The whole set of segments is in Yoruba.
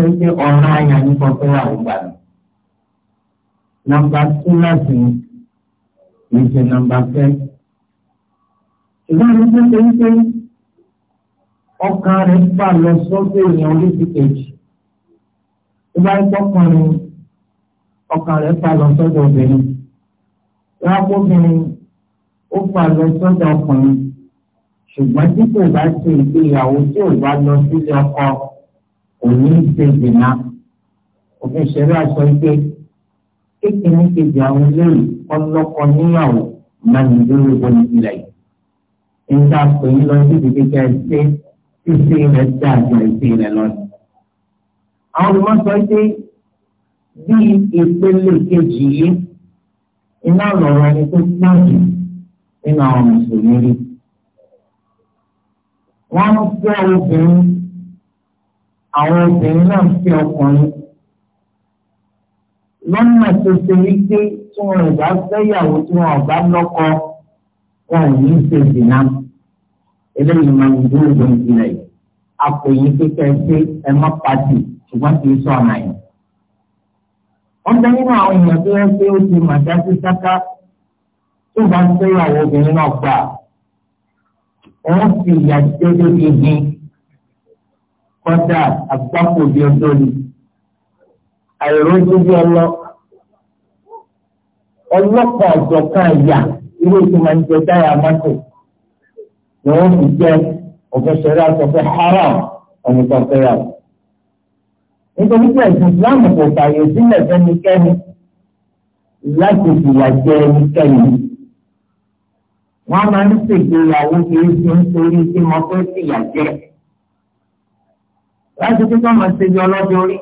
torí pé ọ̀ràn àyà ní kọ́kọ́ wà nígbà mi. Nọ́mbà tú láti ní ṣe nọ́mbà fẹ́. Ìgbàlú tó ṣe wípé ọkàn rẹ̀ fà lọ sọ́dọ̀ èèyàn oríṣi kejì. Ìgbà ìtọ́kùnrin ọkàn rẹ̀ fà lọ sọ́dọ̀ obìnrin. Lápòbìnrin ó fà lọ sọ́dọ̀ ọkùnrin. Ṣùgbọ́n tí kò bá ṣe ìgbéyàwó tí ò bá lọ sílé ọkọ kò ní í ṣe ìdènà òfin ṣẹlẹ̀ aṣọ ike kékeré kejì àwọn eléyìí ọlọ́kọ níyàwó máa ń dúró bọ́ni ilẹ̀ yìí. nígbà pé ń lọ sí ibi kíkẹ́ ṣe ṣíṣe rẹ̀ ṣe àjọ ìṣe rẹ̀ lọ́nà. àwọn olùmọ̀sọ pé bí ìpele kejì yìí iná lọ̀rọ̀ ẹni tó sáàjù nínú àwọn mùsùlùmí rí. wọ́n ń obìnrin àwọn obìnrin náà ń fi ọkùnrin lọ́nà tó ṣe wípé tí wọn ò bá fẹ́yàwó tí wọn ò bá lọ́kọ wọn ò ní ṣe dìnnà eléyìí máa ń dúró lórí ìlẹ̀ yìí akọ̀yìn kékeré pé ẹ má pàdé ṣùgbọ́n kì í sọ ọ̀nà yìí. wọ́n bẹ nínú àwọn èèyàn tó yẹ pé ó ti màdá sí sáká tó bá ń fẹ́yàwó obìnrin náà gbà wọ́n fi ìyà jẹ́ lórí ìgbín kọ́dà àgbákò bí ọdọ́ ni àìrójú bí ọlọ́ ọlọ́pàá ọ̀jọ̀ká ìyà ilé tó máa ń jẹ táyà mọ́tò ni wọ́n fi jẹ́ òfin ṣẹlẹ̀ àtọ̀fẹ́ haram ọ̀nìkọ̀fẹ́ yà wọ́n. nítorí pé ẹ̀sìn Islam kò fààyè sílẹ̀ fẹ́nikẹ́ni láti fìyà jẹ ẹnikẹ́ni. wọ́n máa ń ṣègbéyàwó kì í ṣe nítorí tí mo fẹ́ fìyà jẹ láti pé kọ́ máa ṣe bí ọlọ́dún orí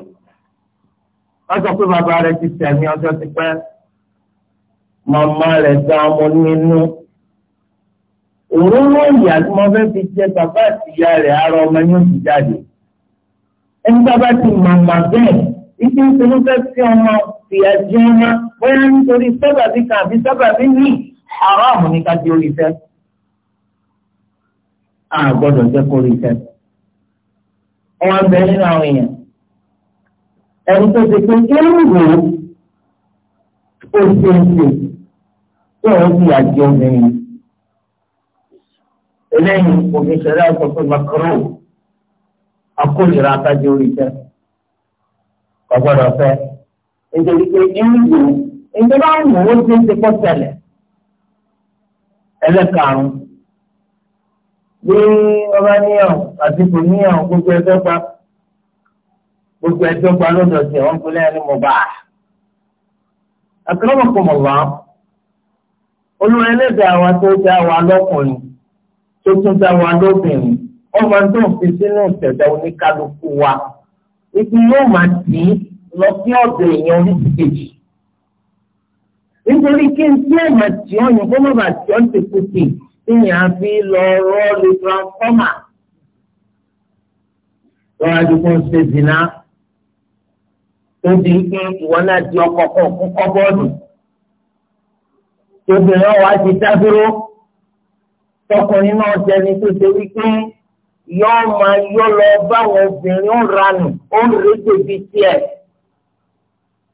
wọ́n sọ pé bàbá rẹ̀ ti tẹ̀mí ọjọ́ ti pẹ́ màmá rẹ̀ gba ọmọ nínú òróró ìyá tí mo fẹ́ fi jẹ bàbá àti ìyá rẹ̀ ara ọmọ yóò ti jáde ẹni bàbá ti màmá bẹ́ẹ̀ ibi tí mo fẹ́ fi ọmọ ìyá jẹ ọmọ bóyá nítorí sábàbí kan àbí sábàbí ní àrọ́ àmúnikàjọ orí fẹ́ àgbọ̀dọ̀ jẹ́ kórìí fẹ́ ọwọ́ ń bẹ nínú àwọn èèyàn ẹni tó ti pé kéwù wò ó ó ṣe ń ṣe tí òun fi àjẹ obìnrin eléyìí òfin ṣẹlẹ̀ ọkọ pé makaro akólera akájọ orí tẹ ọgbọ́dọ̀ fẹ́ nítorí pé kéwù wò ó ìjọba ń wò ó ṣe ń ṣe pọ̀ tẹ́lẹ̀ ẹlẹ́karùn bí ọba níyàwó àti kò níyàwó gbogbo ẹjọ́ pa gbogbo ẹjọ́ pa lọ́dọ̀ tí wọ́n gbé lẹ́yìn mọ̀ bá a. àkàràmọ̀kọ̀mọ̀ wá olúwa ẹlẹ́dàá wa tó dá wa lọ́kùnrin tó tún dá wa lóbìnrin ọmọ tó ń fi sínú ìtẹ̀dá oníkálukú wa ibi yóò máa tì í lọ sí ọ̀dọ̀ èèyàn oríṣi kejì. nítorí kí n tí ẹ̀ máa tì ọ́ yìí kó má bàa tì ọ́ ti kú sí i ìyẹn àfi lọ rọ́ọ̀lù transformer lọ́wọ́ adigun ṣe zina tó di pé ìwọ náà di ọkọ̀ kan kún kọ́bọ́ọ̀dù obìnrin wa ti dá dúró tọkùnrin náà jẹni tó ṣe wípé yọọ máa yọ lọ báwọn obìnrin ń ranù ó ń rédè bí tiẹ̀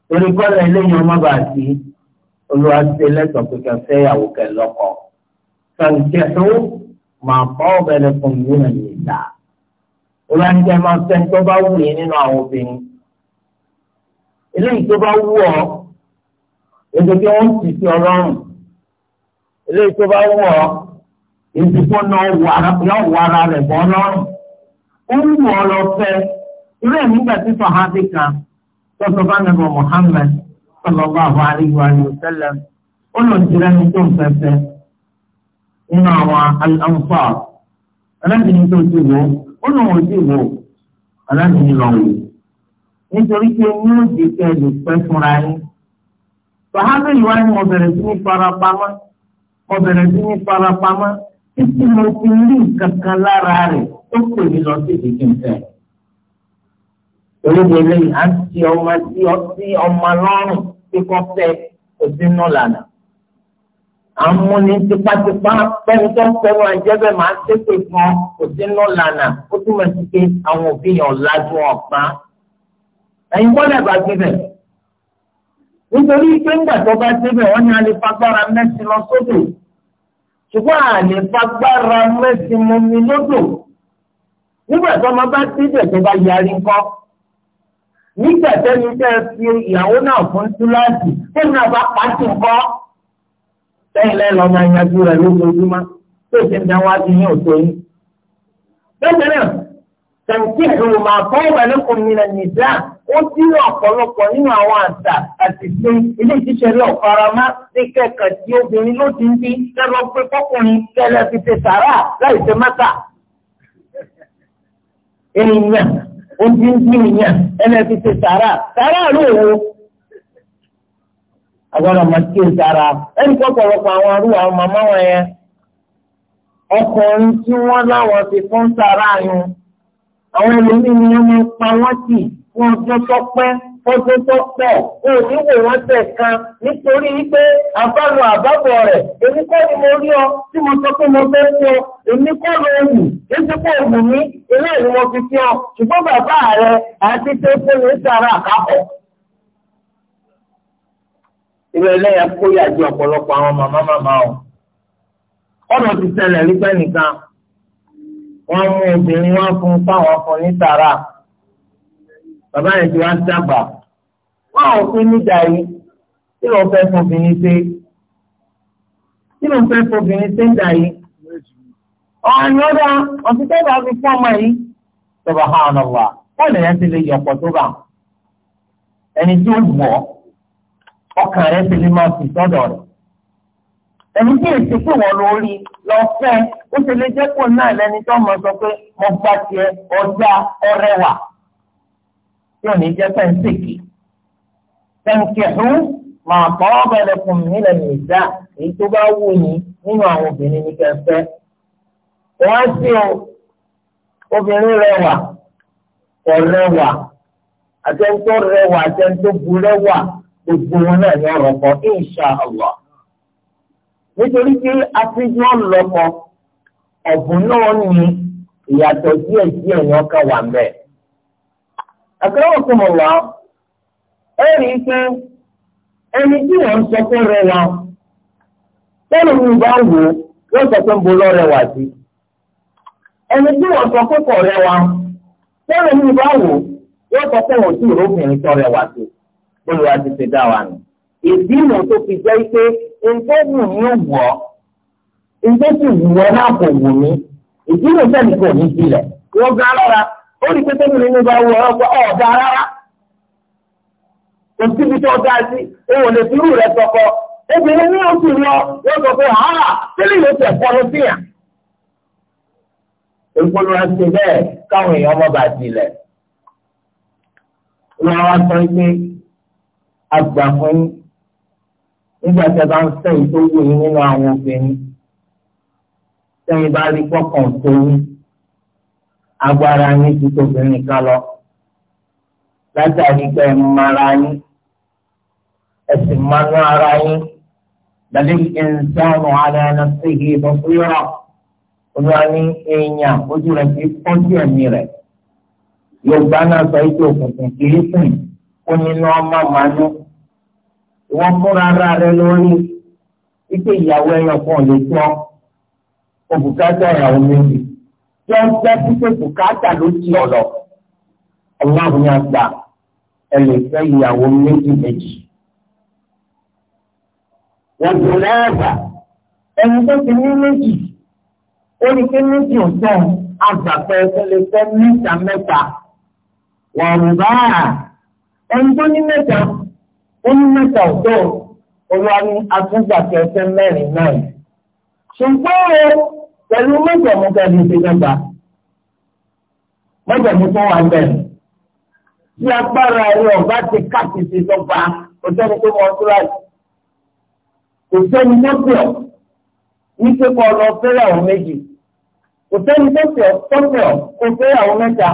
torí kọ́lá eléyìí ọmọ bàtí olùwàsílẹ̀ sọ pé kẹfẹ́ ìyàwó lọ́kọ̀ọ́. فانكحوا ما طاب لكم من النساء olùwànjẹ máa fẹ́ tó bá wù yín nínú àwọn obìnrin eléyìí tó bá wù ọ́ èdè kí wọ́n ti fi ọlọ́run eléyìí tó bá wù ọ́ èdè kó náà wọ ara kan tọ́sọ bá Muhammad sallallahu alaihi wa sallam ó nínú àwọn aláǹfà aláǹfìní tó ti wò ó lóun ò ti wò aláǹfìní lọ wò nítorí pé ní òjì kẹlẹ pẹ́ fúnra yín sàhábẹ́ yìí wáyé mo bẹ̀rẹ̀ sí ní farapamọ́ mo bẹ̀rẹ̀ sí ní farapamọ́ títí mo fi rí kankan lára rẹ̀ tó pè mí lọ sí ìdíje nfẹ́. Olóde lẹ́yìn á ti ọmọ sí ọmọ lọ́rùn kíkọ́ fẹ́ òsínú lànà àmúni tipátipá bẹ́ẹ̀ni tó ń fẹ́nu àjẹbẹ́ máa ń tètè fún kò sínú lànà ó túmọ̀ sí pé àwọn òbí yàn lájú ọ̀pá. ẹ̀yin gbọ́dọ̀ bá síbẹ̀ nítorí pé ńgbà tó bá síbẹ̀ wọ́n ní alifagbára mẹ́sìn lọ sódò ṣùgbọ́n àlefagbára mẹ́sìn mọ́mi lódò nígbà tó ọmọ bá síbẹ̀ tó bá yarí ńkọ́ nígbà tẹ́ni tẹ́ fi ìyàwó náà fún túláàsì tẹ́ni náà bá pàṣẹ ńkọ́ lẹ́yìn lẹ́yìn lọ́mọ ìyanjú rẹ̀ lójoojúmọ́ tó ti ń dán wá sí yín òtó yín. bẹ́ẹ̀ náà tẹ̀síkù máa kọ́ ìbálòpọ̀ mìíràn nìjà ó ti ní ọ̀pọ̀lọpọ̀ nínú àwọn àṣà àti ṣe ilé ìṣiṣẹ́ lọ farama ní kẹ̀kẹ́ tí obìnrin ló ti ń bí lẹ́rọ pé fọkùnrin kẹlẹ́ fi ṣe sàrà láì ṣe mẹ́ta. èèyàn ó ti ń bí èèyàn ẹlẹ́ fi ṣe sàrà sàrà lóòwò agbọ́dọ̀ máa kí o sára ẹni pọ̀pọ̀lọpọ̀ àwọn arúgbó àwọn màmá wọn yẹn ọkùnrin tí wọ́n láwọn ti fún sára yun àwọn ẹlòmíín ni wọ́n máa pa wọ́n tì wọ́n tó tọ́pẹ́ fọ́tò tó pọ̀ o ní wò wọ́n tẹ̀ kan nítorí wípé àbálò àbábọ̀ rẹ̀ èmi kọ́ ni mo rí ọ tí mo sọ pé mo fẹ́ sí ọ èmi kọ́ ló wù èsì pé òògùn mi eré ìwọ̀n fi sí ọ ṣùgbọ́n bàbá rẹ àti tẹ́kọ̀ọ́ ní sàrà àkápọ̀ ibẹ̀ lẹ́yìn kóyà jẹ́ ọ̀pọ̀lọpọ̀ àwọn màmá màmá o. ọ̀nà ti ṣẹlẹ̀ nígbà nìkan wọ́n mú obìnrin wọn fún fáwọn fún ní sàrà bàbá yẹn ti wá ń dàgbà wọ́n àwọn pín níjà yìí kí ló ń fẹ́ fọbìnrin ṣe kí ló ń fẹ́ fọbìnrin ṣe ń dà yìí. ọ̀hún ọ̀dà ọ̀sítẹ́ bá fi fún ọmọ yìí subhanallah wọ́n lè yẹn ti lè yọ̀pọ̀ tó bá ẹni tí ó wọ̀ ọ́ ọkàn rẹ̀ ti lè máa fi sọ́dọ̀ rẹ̀. ẹni tí èsì pé wọ́n lọ rí lọ fẹ́ ó ṣe lè jẹ́ kó náà lẹ́ni tó mọ̀ sọ pé mo gbà tiẹ̀ ọjà ọrẹwà tí ò ní jẹ́ pẹ́ńsìkì. tẹ̀ǹkẹ̀hún máa bọ́ ọ̀bẹ̀rẹ̀ fún mi nílẹ̀ nìjà èyí tó bá wù yín nínú àwọn obìnrin ní kẹfẹ́. wọ́n sì o obìnrin rẹwà ọ̀rẹ́wà àtẹ̀ńtò rẹwà àtẹ̀ńtò burẹ́wà gbogbo wọn náà ní ọ̀rọ̀ kan insha allah nítorí pé afínjú ọlọpọ ọ̀bùn náà ní ìyàtọ̀ díẹ̀ díẹ̀ ní ọkàn wà mẹ. àkàrà fún mi wá ẹ rí i pé ẹni tí wọn sọ pé rẹwà tẹ́lẹ̀ mi bá wò yóò sọ pé ń bo lọ́rẹ̀wà sí ẹni tí wọn sọ pé kọ̀ rẹwà tẹ́lẹ̀ mi bá wò yóò sọ pé wọn ò tí ì róbìnrin tọ́ sí olùwà ti ṣe dá wa nù. ìdílé tó fi jẹ́ pé nǹkan wù mí ò wọ̀ ọ́ nǹkan sì wù ọ́ náà kò wù mí ìdílé sẹ́ni kò ní sílẹ̀. wọ́n gbá lọ́ra ó rí pété mi nínú bá wù ọ́ pé ọ̀ dá rárá. kò síbi tó dá sí òun ò lè fi irú rẹ̀ sọkọ. obìnrin ní oṣù lọ wọ́n sọ pé àárà sílẹ̀ ló tẹ̀ fọ́ lọ sí yàn. ìpolówó ṣe bẹ́ẹ̀ káwọn èèyàn ọmọ bá tilẹ̀. wọ́n á wá sọ pé àgbà fún yín nígbà tí a bá ń fẹ́ yìí tó wù yín nínú àwọn obìnrin sẹ́yìn bá rí pọ́kàn tó yín agbára yín ti tóbìnrin lọ látàrí pé mara yín ara yín lálẹ́ ìṣẹ́nu ara ẹni sí ihi ìbọ̀fúyọ́rọ̀ olúwa ní èèyàn ojú rẹ̀ ti pọ́jú ẹ̀mí rẹ̀ náà sọ ètò òkùnkùn ìwọ fúnra ara rẹ lórí wípé ìyàwó ẹyọ kan lè tọ́ òbúkátà ìyàwó méjì jọ ń fẹ́ pípé bùkátà ló ti ọ̀lọ́ ọlọ́run yà gbà ẹ lè fẹ́ ìyàwó méjì méjì. wọ́n dùn lẹ́ẹ̀bà ẹni tó ti ní méjì ó ní kí méjì ò tán tó lè fẹ́ mẹ́ta mẹ́ta wọ́n rù ẹni tó ní mẹ́ta ó ní mẹ́ta ọ̀tọ̀ olúwa ní atúgbàtẹ ẹsẹ mẹ́rin náà ṣùgbọ́n pẹ̀lú mẹ́jọ̀mú kẹ́ni ti dọ́gba mẹ́jọ̀mú tó wà bẹ́ẹ̀ tí agbára rẹ ọba ti káàkiri ti dọ́gba kò sẹ́ni tó mọ ọdún láì kò sẹ́ni tó pè ọ́ ní pípọ̀ lọ fẹ́rẹ̀ àwọn méjì kò sẹ́ni tó pè ọ́ tó pè ọ́ kò fẹ́rẹ̀ àwọn mẹ́ta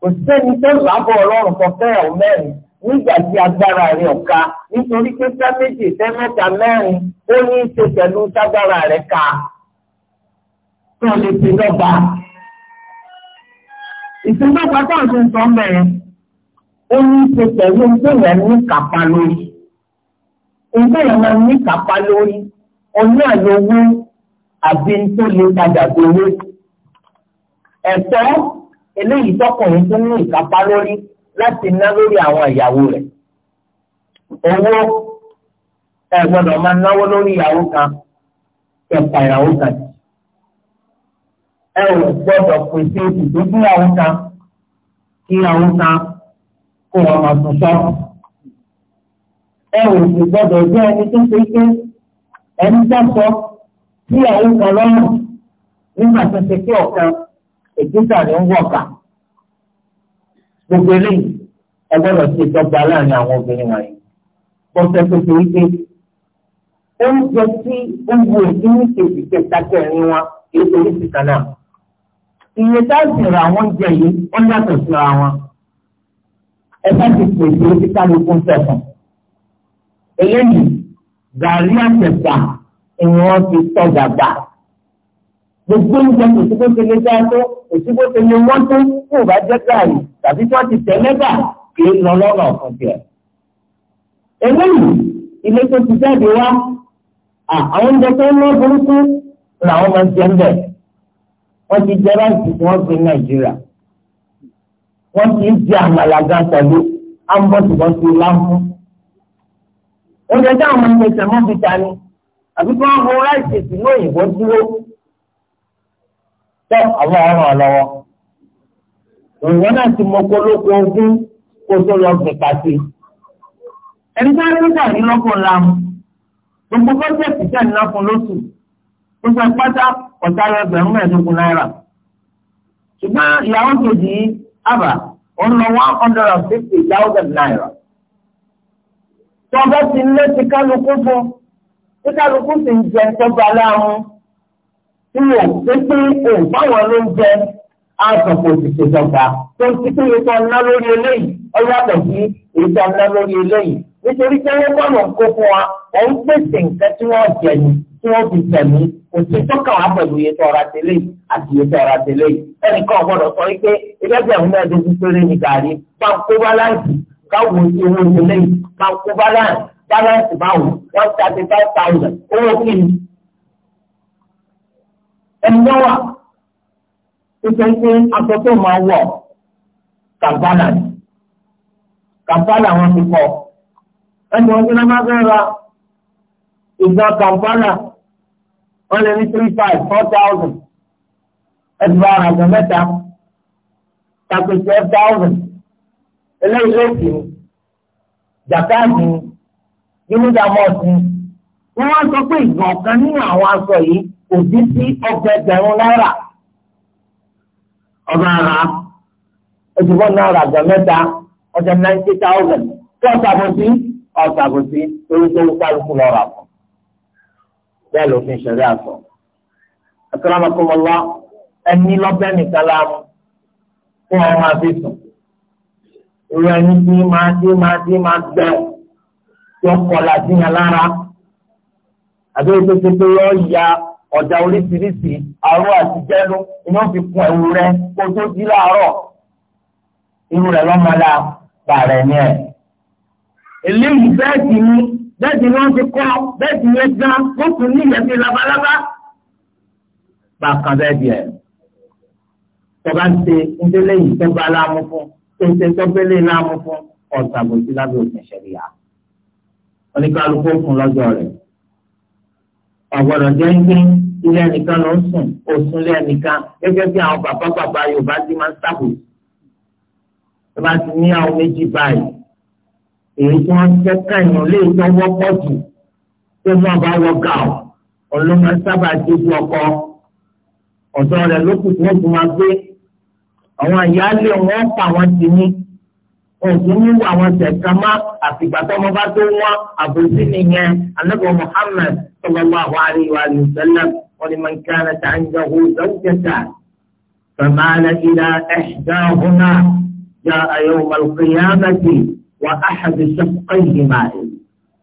kò sẹ́ni tó làbọ̀ ọlọ́run kò fẹ́rẹ̀ àwọn mẹ́rin nígbà tí agbára rẹ̀ ọ̀ka nítorí pé sá méjì sẹ́ mẹ́ta mẹ́rin ó ní í ṣe pẹ̀lú ságbára rẹ̀ ká tó lè fi lọ́ba. ìṣèjọba tó ń sọ mẹ́rin ó ní í ṣe pẹ̀lú ìgbéyàn ní kápá lórí ìgbéyàn máa ní kápá lórí ọ̀nà àlówó àbí tó lè padà dòwó. ẹ̀tọ́ eléyìí tọkùnrin tó ní ìkápá lórí láti ná lórí àwọn ìyàwó rẹ̀ owó ẹ gbọ́dọ̀ máa náwó lórí ìyàwó kan kẹpa ìyàwó kan ẹ ò gbọ́dọ̀ pèsè ìdójú ìyàwó kan kí ìyàwó kan kó wọn máa tún sọ ẹ ò sì gbọ́dọ̀ jẹ́ ẹni tó ṣe pé ẹni dáṣọ sí ìyàwó kan lọ́rùn nígbà tó ṣe pé ọ̀kan èkìtà ló ń wọ̀ kà gbogbo eléyìí ẹ gbọ́dọ̀ ṣe ìtọ́gba láàrin àwọn obìnrin wọ̀nyí pọ́sẹ̀ tó ṣe wípé oúnjẹ tí oúnjẹ òsì ní kejì kẹta kẹrin wọn èso oríṣi kan náà iye táàsì ra àwọn oúnjẹ yìí wọ́n yàtọ̀ síra wọn ẹ bá ti pèsè orí kálukú sẹ̀fọ̀n eléyìí gàrí àtẹ̀sà ni wọ́n fi tọ́jà gbà gbogbo ìgbà òsì bó ti lè dá tó òsì bó ti lè wọ́n tó kó o bá jẹ́ gààrí tàbí tí wọ́n ti tẹ̀ lẹ́gà kì í lọ lọ́nà ọ̀kan tiẹ̀. eléyìí ilé tó ti jáde wá àwọn oúnjẹ tó ń lọ burúkú làwọn máa ń jẹ ń bẹ̀. wọ́n ti jẹ láti tí wọ́n gbé nàìjíríà. wọ́n ti jẹ àmàlà gan pẹ̀lú ambọ̀tìbọ̀tì láńfún. oúnjẹ táwọn máa ń pèsè mọ́bìtà ni àbí kí wọ́n mú ráìsì sínú òyìnbó tọ́ àwọn ọ̀ràn ọ̀lọ́wọ́ òyìnbó náà ti mọ polóko ogún kó tó lọ gbìn pàṣẹ ẹni tó ń rígbà ní lọ́kùn lam gbogbo bọ́jẹ̀tì tẹ̀ ní lọ́kùn lóṣù ó sọ pátá ọ̀tá ẹgbẹ̀rún mẹ́ẹ̀ẹ́dógún náírà ṣùgbọ́n ìyàwó kejì yìí àbà ó ń lọ one hundred and fifty thousand naira tọ́gbẹ́ ti lé ti kálukú fún tí kálukú sì ń jẹ tọ́gbà láàrún ìwò pépé òǹfàwọn ló ń jẹ àtọ̀pọ̀ òṣìṣẹ́ ìjọba tó ń títí ní tọ́ ná lórí eléyìí ọlọ́pàá sí èyí tó ná lórí eléyìí nítorí pé wọ́n bọ̀ wọ́n kó fún wa wọ́n ń pèsè nǹkan tí wọ́n jẹ ní tí wọ́n fi tẹ̀mí kò sí tọ́ka wá pẹ̀lú iye tó ọ̀rá tẹ́lẹ̀ àti iye tó ọ̀rá tẹ́lẹ̀ ẹnìkan ọ̀gbọ́dọ̀ sọ wípé ẹgbẹ́gbẹ̀rún mẹ́ẹ̀ẹ́dógún péré ní gàrí bá ń kó ẹnìyàn wà pípẹ́ pé aṣọ tó máa wọ̀ kàmpala ni kàmpala wọn ti kọ́ ẹni wọn ti náà máa fẹ́ ra ìgbà kàmpala wọn lè ní three five four thousand ẹni bá ara àgbẹ̀ mẹ́ta tàbí twelve thousand eléyìí lóòtì ni jàkáàdì ni yúnídàmọ́ọ̀sì ni wọ́n sọ pé ìgbọ̀n kan nínú àwọn aṣọ yìí òdì sí ọgbẹgbẹ̀rún náírà ọba ara ojúbọ náírà gbà mẹ́ta ọjà ninety thousand tí ọ̀sà bò sí ọ̀sà bò sí torí tó wú kálukú lọ́ra fún bẹ́ẹ̀ lófin ṣẹlẹ̀ àtọ̀ akọ́lámọ́kọ́mọ́lá ẹni lọ́bẹ̀ nìkan láàmú fún ọmọ àti sùn irú ẹni tí máa dé máa dé máa gbẹ tí ó kọ́ la sí yẹn lára àbẹ́rẹ́ tó ti pé yọ ya ọ̀dà oríṣiríṣi àrò àti jẹ́nu ni wọ́n fi kun ẹ̀wù rẹ kó tó jí láàárọ̀ irú rẹ lọ́mọdá bàrẹ̀ ni ẹ̀. eléyìí bẹ́ẹ̀ sì ni bẹ́ẹ̀ sì ni wọ́n ti kọ́ bẹ́ẹ̀ sì yẹn gan ó tún ní ìyẹn fi labalábá. bákan bẹ́ẹ̀ bí ẹ̀ tọ́ba ń ṣe ńdélé yìí tọ́ba láàmú fún tẹ̀sẹ̀ tọ́bẹ̀lẹ̀ láàmú fún ọ̀sàbòsí lábẹ́ òfin ṣẹ̀ríyà. oníkálukú fún lọ́jọ́ rẹ̀ ọ̀gbọ́dọ̀ jẹ́ pé ilé ẹnìkan ló ń sùn ó sùn lé ẹnìkan gẹ́gẹ́ bí àwọn bàbá bàbá Yorùbá ti máa ń sábò tó bá ti ní àwọn méjì báyìí èyí tí wọ́n fẹ́ káyọ̀ lè tó wọ́pọ̀ jù tó náà bá wọ gàù ọlọ́mọ sábà dojú ọkọ ọ̀dọ́ rẹ̀ ló kù tí wọ́n fi máa gbé àwọn àyáálé wọn pa wọn ti ní òtún níwò àwọn tẹ̀ka má àfìgbà tó ọmọ bá tó wọn àbòsí nìyẹn anábọ̀ Muhammad صلى الله عليه وآله وسلم ولمن كانت عنده زوجتان فمال إلى إحداهما جاء يوم القيامة وأحد شقيهما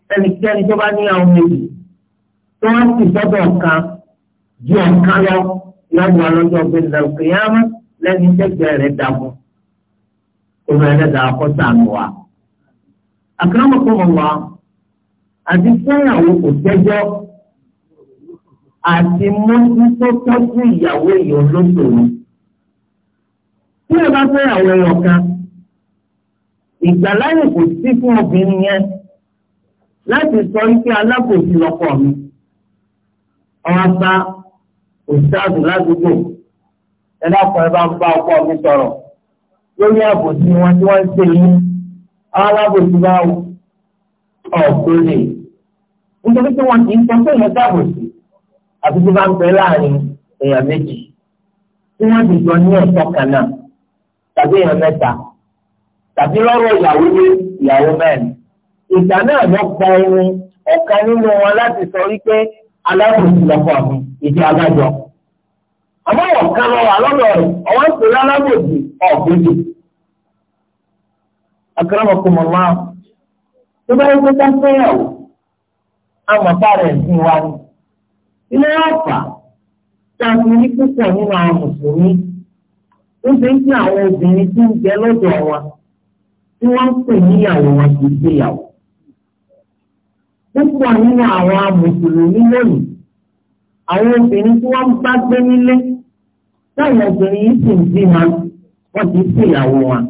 فالكتاني تباني يوم نجي تواتي صدوك جوك يوم يوم ولدو بلد القيامة لن تجري دمو ومن ذا قسانوا أكرمكم الله أدفعوا التجري àti mójútó tọ́jú ìyàwó èèyàn lóṣòro. Tí ẹ bá fẹ́ àwọn èèyàn kan, ìgbàláyè kò sí fún obìnrin yẹn láti sọ wípé alábòsí lọkọ mi. Àwọn àgbà òṣìṣàdùn ládùúgbò ẹ dákun ẹ bá ń bá ọkọ mi sọ̀rọ̀ lórí àbòsí wọn tí wọ́n ń ṣe yín. Àwọn alábòsí bá wù ọ̀gbọ́n lè. Nítorí pé wọn kì í sọ pé ìyẹn dábòsí àti tó bá ń pẹ́ láàrin èèyàn méjì tí wọ́n ti jọ ní ẹ̀tọ́ kan náà tàbí èèyàn mẹ́ta tàbí lọ́rọ̀ ìyàwó ní ìyàwó mẹ́rin ìgbà náà lọ gba ẹni ọ̀kan nínú wọn láti sọ wípé alábòsí lọ́kọ̀ mi ìdí alájọ àmọ́ ọ̀kan lọ wà lọ́dọ̀ rẹ̀ ọ̀wọ́n ń pè é alábòsí ọ̀gbẹ́jì akérèmọkùnmọ́ máa tó bá yẹ kó ká fẹ́yàwó àmọ́ bá rẹ̀ ń sin wa ilé ọ̀pá tàbí ní púpọ̀ nínú àwọn mùsùlùmí ó fi ń pín àwọn obìnrin tí ń jẹ lọ́dọ̀ wa tí wọ́n ń pè níyàwó wọn kì í gbéyàwó. púpọ̀ nínú àwọn mùsùlùmí lónìí àwọn obìnrin tí wọ́n bá gbé nílé táwọn obìnrin yìí sì ń bímọ wọ́n kì gbéyàwó wọn.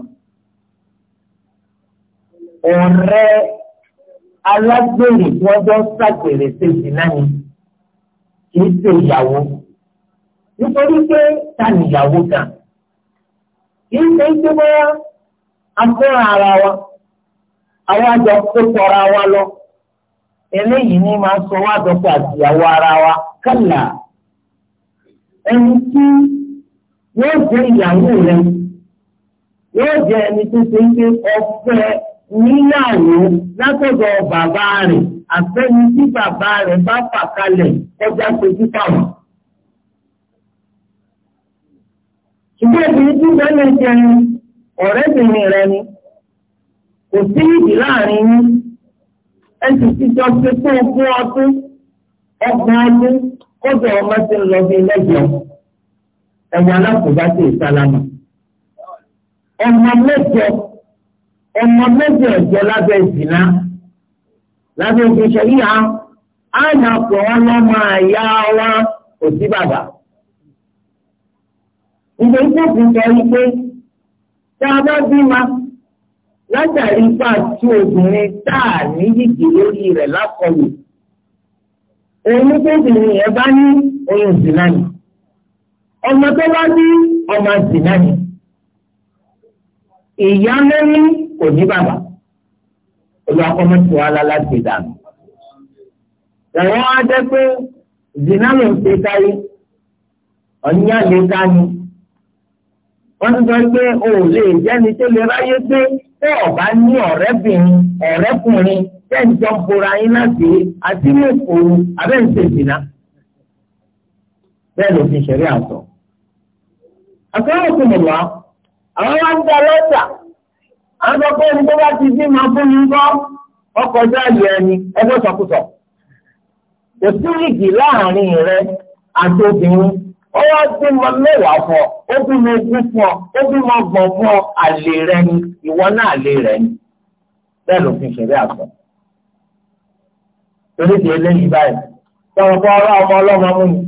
ọ̀rẹ́ alágbèrè tí wọ́n jọ ń ṣàgbèrè ṣèjì náà ni kì í ṣe ìyàwó nítorí pé ta ni ìyàwó gan kì í ṣe ṣe bóyá afẹ́ràn ara wa àwọn àjọ kó tọra wa lọ eléyìí ni máa sọ wá dọ́kọ̀ àtìyàwó ara wa kálá ẹni tí yóò jẹ ìyàwó rẹ yóò jẹ ẹni tó ṣe ń gbé ọfẹ níyàwó látọ̀dọ̀ bàbá rẹ̀ àfẹ́ni tí bàbá rẹ̀ bá fà kalẹ̀ kọjá sojú táwọn. ṣùgbọ́n ìbìrì tí bẹ́ẹ̀ ń jẹ ọ̀rẹ́bìnrin rẹ ni kò sí ìdí láàrin yín ẹ sì ti jọ ṣe fún ogún ọdún ọgbọ̀n ọdún kọjá ọmọ ti ń lọ bí lẹ́jọ́ ẹ̀wọ̀n alákòóbá sí ìsálámà ọmọ mẹ́jọ ọmọ mẹ́jọ ẹ̀jọ́ lábẹ́ ìsìnlá lábẹ́ òfin ṣẹ̀ríyà á nà pọ̀ wọn lọ́mọ àyà wa kò sí bàbá. Ìgbẹ́ ìṣòfin sọ wípé tá a bá bímọ látàrí ipá tí obìnrin tá a ní yìgì lórí rẹ̀ lákọlù. Òun tó obìnrin yẹn bá ní oyún sí náà ni. Ọmọ tó bá ní ọmọ sí náà ni. Ìyá mẹ́rin kò ní bàbá olùwàkọ́mọ́tò alálà ti dànù. Ìwọ́n á jẹ́ pé ìdìnnàmọ̀ ń ṣe káyé, ọ̀nyá lè ká ni. Wọ́n ti sọ pé o ò lè jẹ́ni tó lè ráyé pé tẹ́ ọ̀bá ní ọ̀rẹ́bìnrin ọ̀rẹ́kùnrin tẹ́ ń jọ bora yín láti àti ní òkòrò abẹ́ ìdìnnà. Bẹ́ẹ̀ ló fi ṣẹ̀rí àtọ̀. Àkọ́rọ̀ kùnìwá, àwọn wá ń da lọ́jà àgbẹ̀pọ̀ ẹni tó bá ti bí máa fún mi gbọ́ ọkọ̀ jáde ẹni ẹgbẹ́ sọkúsọ. kò sí ìgì láàrin rẹ àti obìnrin ó wá sí mọ mẹ́wàá fún ó bí mo ogún fún ọ ó bí mo gbọ̀n fún ọ àlè rẹ ni ìwọ náà lè rẹ ni bẹ́ẹ̀ ló fi ṣeré àgbọ̀. torí ti eléyìí báyìí tọrọ kọ ọ̀rọ̀ ọmọ ọlọ́mọ mú mi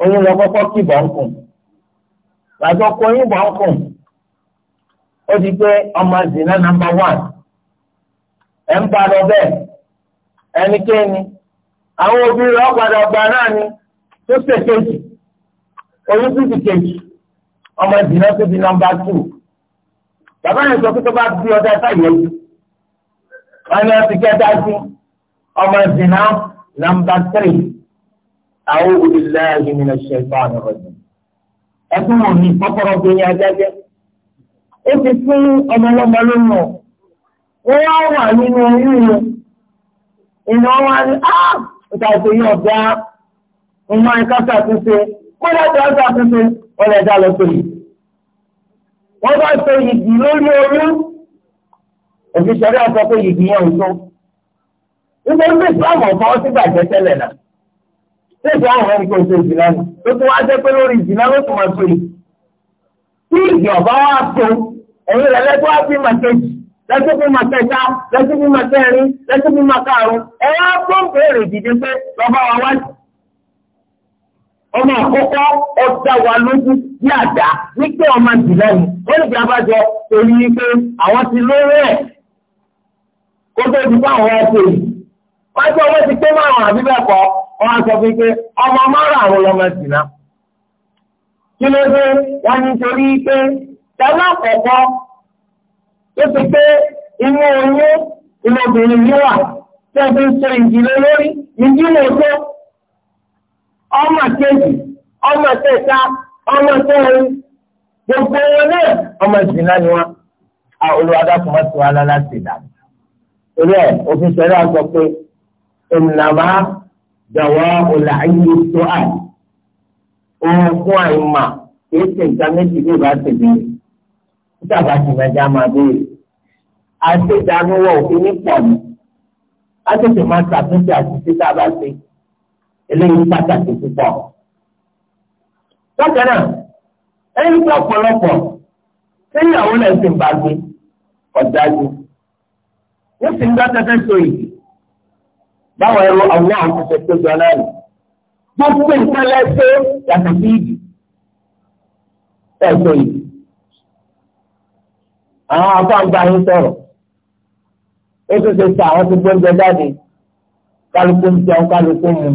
òun lọ kọ́kọ́ kí bọ̀ kùn làjọ kọ yín bọ̀ kùn ó di pé ọmọ zina nàmbà wán ẹ̀ ń bá lọ bẹ́ẹ̀ ẹnikẹ́ni àwọn òbí rẹ̀ ọ̀padà ọgbà náà ni tó ṣe kejì oyún tó ti kejì ọmọ zina tó di nàmbà tù bàbá yẹn sọ pé tó bá bí ọjà sáyẹn wọn ni wọn ti kẹta sí ọmọ zina nàmbà tírì àwọn òbí lẹ́yìn nínú ṣẹ̀fọ́ àná rẹ̀ ẹ̀kún òní kọ́kọ́rọ́ gbé yẹn ajá jẹ́ ó ti fún ọmọlọ́mọ lónà wọ́n wá wà nínú oyún yẹn ìná wa ni á ah! ìta ìpè yín ọ̀gá ìmọ̀ ìkásá àtúnṣe kó láti ọ̀gá àtúnṣe wọ́n lè dá lọ sóyè wọ́n bá so yìgì lórí oyún òfin sọ̀rọ̀ àtọ́ pé yìgì yẹn ò tó nítorí pé islam ọ̀fọ́ sí bàjẹ́ tẹ́lẹ̀ náà ṣé ìjọ àwọn ẹni kò so ìjìnlá ni tó tún wá jẹ́ pé lórí ìjìnlá ló tún máa so yìí tí ìjọba wa tó ẹ̀yin rẹ̀ lẹ́tọ́ wá pín màkejì lẹ́tọ́ pín màkẹta lẹ́tọ́ pín màkẹrin lẹ́tọ́ pín màkàrún ẹ wá fún béèrè dìde pé lọ́ba wa wá jù. ọmọ àkọ́kọ́ ọjà wa lójú ní àdá wípé ọmọ jùlẹ́nu ó lè gbà bàjọ́ torí wípé àwọn ti lórí ẹ̀ kó tó ti fún àwọn ọkọ̀ yìí. wọ́n ti ọwọ́ ti pé márùn-ún àbí bẹ́ẹ̀ kọ́ wọ́n á sọ fún pé ọmọ márùn-ún àwọn ọmọ ìsìn náà. kí ló dé wọ́n ní torí pé tẹ̀lé àkọ́kọ́ ó ti pé inú oyún inú obìnrin yìí wà tí wọ́n fi ń sọ ìdílé lórí ìdílé tó ọmọ kejì ọmọ kẹta ọmọ kẹrin gbogbo wọn náà ọmọ ìsìnlá ni wọn olùwàdà kò má tó alá láti dà orí ẹ òfin ṣẹlẹ̀ àgbọ pé ìnàmá dàwọ ọlà ayé tó àyè òun fún àyè mà kì í ṣe nǹkan méjì bí ìbá ṣe dábàá ti máa já máa béèrè àṣetànúwọ̀ òfin ní pọ̀ ní àtẹ̀tẹ̀ máa ṣàtúnṣe àṣìṣe tá a bá ṣe eléyìí pàtàkì púpọ̀. bákan náà ẹni tó ọ̀pọ̀lọpọ̀ ṣé ìyàwó náà sì ń bá gbé ọ̀dájú ní sì ń bá tẹ́tẹ́ so yìí báwo ẹ̀rọ àwọn àkọsẹ tó jọ náà nì gbogbo nǹkan lẹ́sẹ̀ yàtọ̀ sí ìdì ẹ̀ so yìí àwọn afáǹgbá yín sọ̀rọ̀ ó tún ṣe sọ àwọn tó gbóúnjẹ jáde kálukú ń jẹun kálukú mu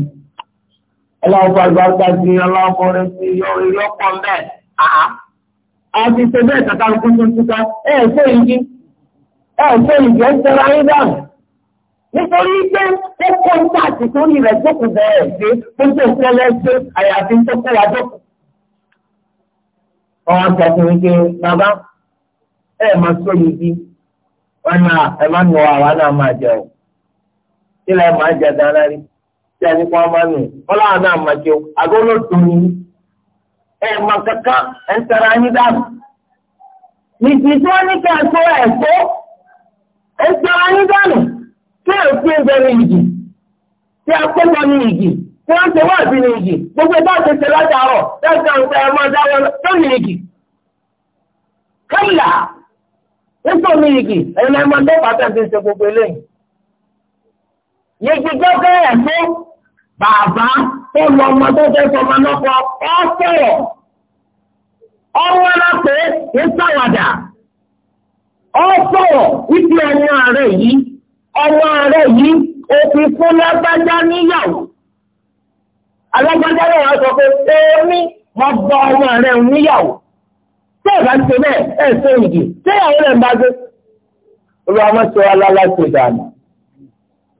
ọlọ́wọ́ àgbàgbà sí ọlọ́wọ́ kọrin sí ìyọ́pọ̀ bẹ́ẹ̀ àá àti ṣe bẹ́ẹ̀ kàkálukú tó ń túká ẹ̀ ẹ̀ ṣe ìdí ẹ̀ ẹ̀ ṣe ìdí ẹ̀ ń tẹ̀ra yín dànù nítorí pé ó kọ́ ń tààtì sórí rẹ̀ jókòó bẹ́ẹ̀ ṣe tó ṣe ìṣẹ̀lẹ̀ ṣe àyàfi tó kọ́ wa jókòó. ọ̀hún ẹ má sóyún bí wọn náà ẹ má nù àwa náà má jẹ o kí lẹ má jẹ dáná rí tí ẹni kọ́ má nù wọn láwọn náà má jẹ o àgọ́ ló tó ní ẹ kankan ẹ ń tẹ̀ra yín nìtì tí ní ẹ tó tó ẹ ń tẹ̀ra yín kí ẹ ń bẹ ní a ní ìjì wá sí nítorí igi ẹ̀yin ẹ̀ma ń dọ́gba tẹ̀ fi ń ṣe gbogbo eléyìí. yegi gbọ́dọ̀ ẹ̀ fún bàbá tó lọ ọmọ tó fẹ́ sọmọ náà kọ ọ́ sọ̀rọ̀ ọwọ́ alápè ń sàwàdà ọ́ sọ̀rọ̀ wípé ọmọ ààrẹ yìí ọmọ ààrẹ yìí òfin fún lágbájá níyàwó alágbájá náà wà sọ pé èmi mo gbọ́ ọmọ ààrẹ níyàwó tí ẹ̀ bá ṣe bẹ́ẹ̀ ẹ̀ ṣe ìdì tí ìyàwó rẹ̀ bá gbé. olúwa máa ṣe wa lálásì dànù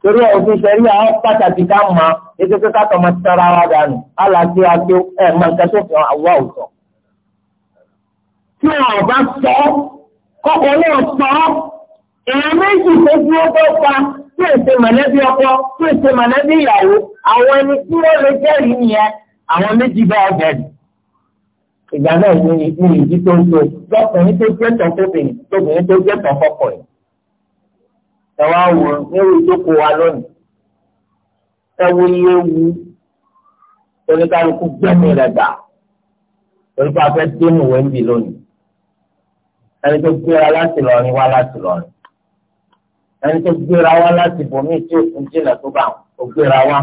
torí òfin ṣẹ̀rí àwọn pàtàkì ká mọ̀ ètò pé káàtọ̀ máa tẹ́ra wa dànù aláṣẹ àti ẹ̀ máa ń kẹ́tọ́ fún àwọ̀ àwùjọ. tí wọn bá sọ kọkọ náà sọ èèyàn méjì tó dúró tó pa tí èsè mọ̀lẹ́bí ọkọ tí èsè mọ̀lẹ́bí ìyàwó àwọn ẹni tí wọ́n lè jẹ́rìí nìyẹn àwọn méjì bá ọgbẹ̀rì ìgbà náà ní ní ìdí tó ń so lọ́kùnrin tó jẹ́ tán fóbìnrin tóbìnrin tó jẹ́ tán fọkọ ẹ̀. ẹ wá wò ó nírú ìjókòó wa lónìí ẹ wo iye wu oníkálukú gbẹ́mí rẹ̀ gbà orúkọ afẹ́ dénú wẹ́ńbì lónìí ẹni tó gbéra láti lọrin wá láti lọrin ẹni tó gbéra wá láti bòmí tí òkú jìnnà tó bá ò gbéra wá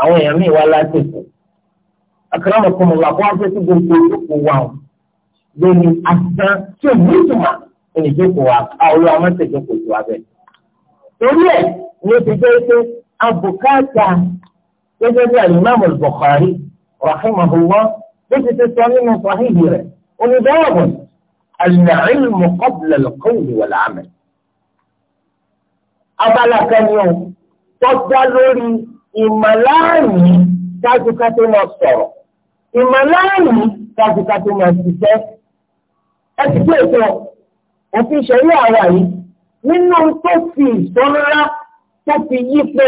àwọn èèyàn míì wá láti kù àkàràmọ̀ fún mi wà fún wa pé sí gbogbo ìjókòó wa o lórí àtàn tí ò ní ìtumọ̀ ní ìjókòó wa àwọn ọmọ ti jókòó ju abẹ. torí ẹ̀ ní ti jẹ́ pé abùkátà gẹ́gẹ́ bí alimami Bukhari rahimahullah ló ti ti sọ nínú sahihi rẹ̀ onídàáwọ̀ al-ilmu qabla al-qawli wal-amal. abala kan ni o tọ́jà ìmọ̀láàrún kàtìkàtì mà ṣiṣẹ́ ẹ ti pé ètò òfin ìṣẹ̀lẹ̀ àwa yìí nínú tó fi ìṣọ́ra tó fi yípo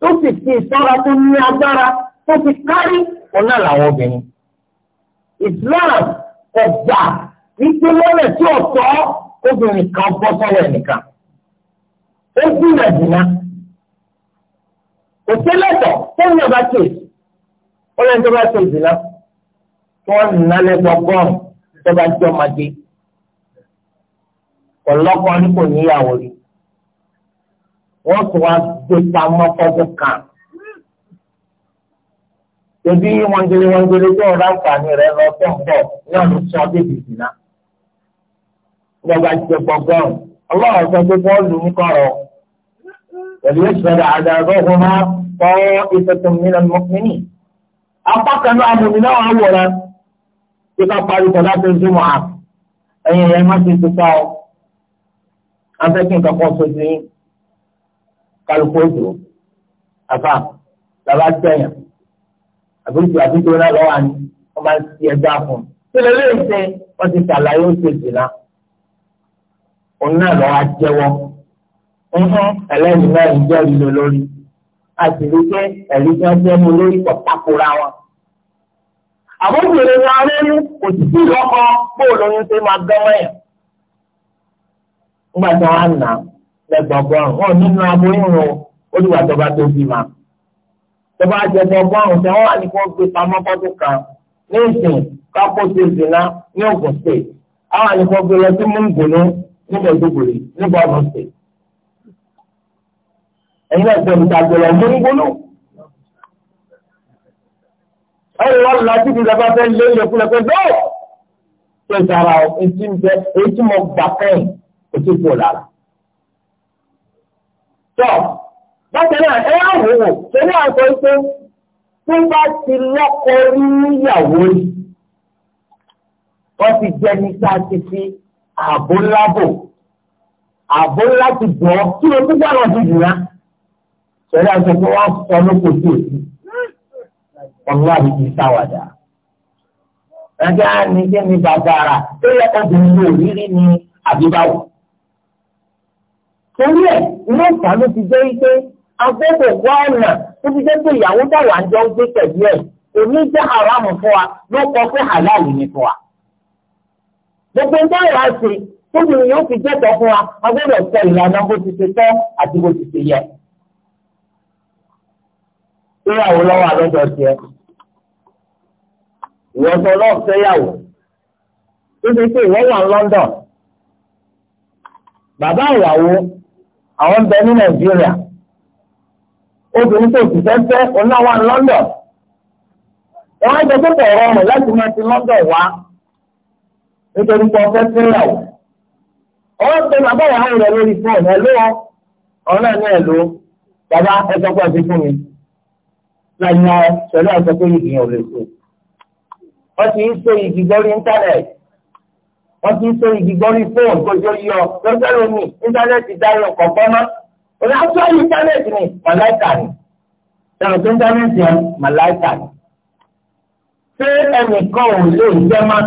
tó sì fi ìṣọ́ra tó ní agbára tó fi kárí ọ̀nà làwọn obìnrin. Islam ọ̀gbà wípé lọ́nà tí ọ̀tọ̀ obìnrin kan bọ́ sọ́wọ́ ẹnìkan. Ó gbìyànjú náà. Òṣèlú ẹ̀tọ́ tó ń yọba kéèsì ọlọ́run tó bá ṣe ìdìlá tí wọ́n nà lẹ́gbọ̀n gọ́ọ̀n tó bá jẹ́ ọmọdé ọlọ́kàn ní kò níyàwó rí wọ́n tún wá gbé pamọ́ fọ́dún kan tẹbi wọngele wọngele tó ọ̀rọ̀ àǹfààní rẹ lọ tó ń bọ̀ ní ọ̀nà sọ débi ìdìlá ìjọba jẹ gbọgbọ́n ọlọ́run sọ pé bọ́ọ̀lù ń pẹ̀lú ìṣẹ̀lẹ̀ àdàgbọ́ ọ̀hún máa tọ́ ìfẹ̀tọ̀ mìíràn mọ́kìnrin apákanú àmọ̀mí náà wà wọ̀ra tí ká parí tọ́lá tó ń dún wọn à ẹ̀yìn ẹ̀yìn má ti tuta ọ afẹ́kí nǹkan kan sojú yín kálukú òjò àfà làbá tẹ̀yàn àbúrò àbújọ náà lọ́wọ́ àní wọ́n máa ń ti ẹja fún un tí lè lè ṣe wọ́n ti ṣàlàyé ó ṣe jìnnà òun náà lọ́wọ́ á jẹ́wọ́ ẹlẹ́yìn náà ń jẹ́rìí lórí àtìrí pé ẹ̀rí tí wọ́n jẹ́ mu lórí pọ̀ takora wọn. àbójútó ni wọn lóyún kò sì sí lọ́kọ bó lóyún ṣe máa gán mẹ́yà. nígbà tí wọ́n á nà lẹ́gbọ̀gbọ̀rún wọn nínú aboyún o olùwà tó bá tó bí ma. tó bá jẹ gbọ̀gbọ̀rún tí wọ́n wà ní kó gbé pamọ́ fọ́dún kan ní ìsìn kápó ti zìnà ní Ògùn state àwọn àlùkò gbé lọ sí múngùnú ní Mẹ́dúgbùrì ní bọ́ọ̀lù state ẹ̀yin náà gbọ́dọ̀ ta gbọ́dọ̀ mú ń gbóló. ẹ̀yin wọn lọ sí ibi ìjọba fẹ́ lé ilé kúlẹ̀ pé bẹ́ẹ̀ ṣe ìtara etí ń bẹ etí mo gbà fẹ́yìn etí kò lára. tọ́ bákan náà ẹ á wò wò torí àgbọ̀ pé tó bá ti lọ́kọ rí níyàwó rí wọ́n ti jẹ́ ní sáà ti fi àbó ńlá bò àbó ńlá ti bọ̀ kí ló tó gbà lọ́dún yìí náà pẹ̀lú àti pé wọ́n sọ lóko sí èsì ọlọ́wà bí kì í sáwàdà. Ẹgbẹ́ àníjẹ́ ni bàbára tó yẹ obìnrin ló ni àbíbáwò. Torí ẹ̀ ilé ìfà ló ti jẹ́ ike agbẹ́bọ̀ wọ́ọ̀nà tó ti jẹ́ pé ìyàwó táwa ń jọ ń gbé pẹ̀lú ẹ̀ òní jẹ́ haram fún wa ló kọ pé halal ni fún wa. Gbogbo ń dára sí tóbi ni yóò fi jẹ́tọ̀ fún wa agbẹ́bọ̀ sọ ìlànà bó ti ṣe tọ́ àti bó ti ṣe yẹ. séyàwó lọ́wọ́ àlọ́jọ́ tiẹ̀ ìwọ sọ lọ́ọ̀ séyàwó tó pé wà ní London bàbá ìyàwó àwọn ń bẹ ní Nàìjíríà obìnrin tó ti fẹ́fẹ́ wà ní London wọ́n á láti máa ti London wá nítorí pé ọfẹ́ séyàwó pé bàbá ìyàwó rẹ̀ lórí ẹ̀ bàbá fún mi. láyé pẹ̀lú àṣọ pé igi yẹn ò lè so. wọ́n ti ń so igi gbọ́rí íńtánẹ̀tì wọ́n ti ń so igi gbọ́rí fóònù kójú yọ lọ́jọ́ lónìí íńtánẹ̀tì dáyọ̀ kọ̀ọ̀kan mọ́. òun á sọ ni màláìkà ni sọ̀rọ̀ tó íńtánẹ̀tì yẹn màláìkà ni. ṣé ẹnìkan ò lè jẹ́ má?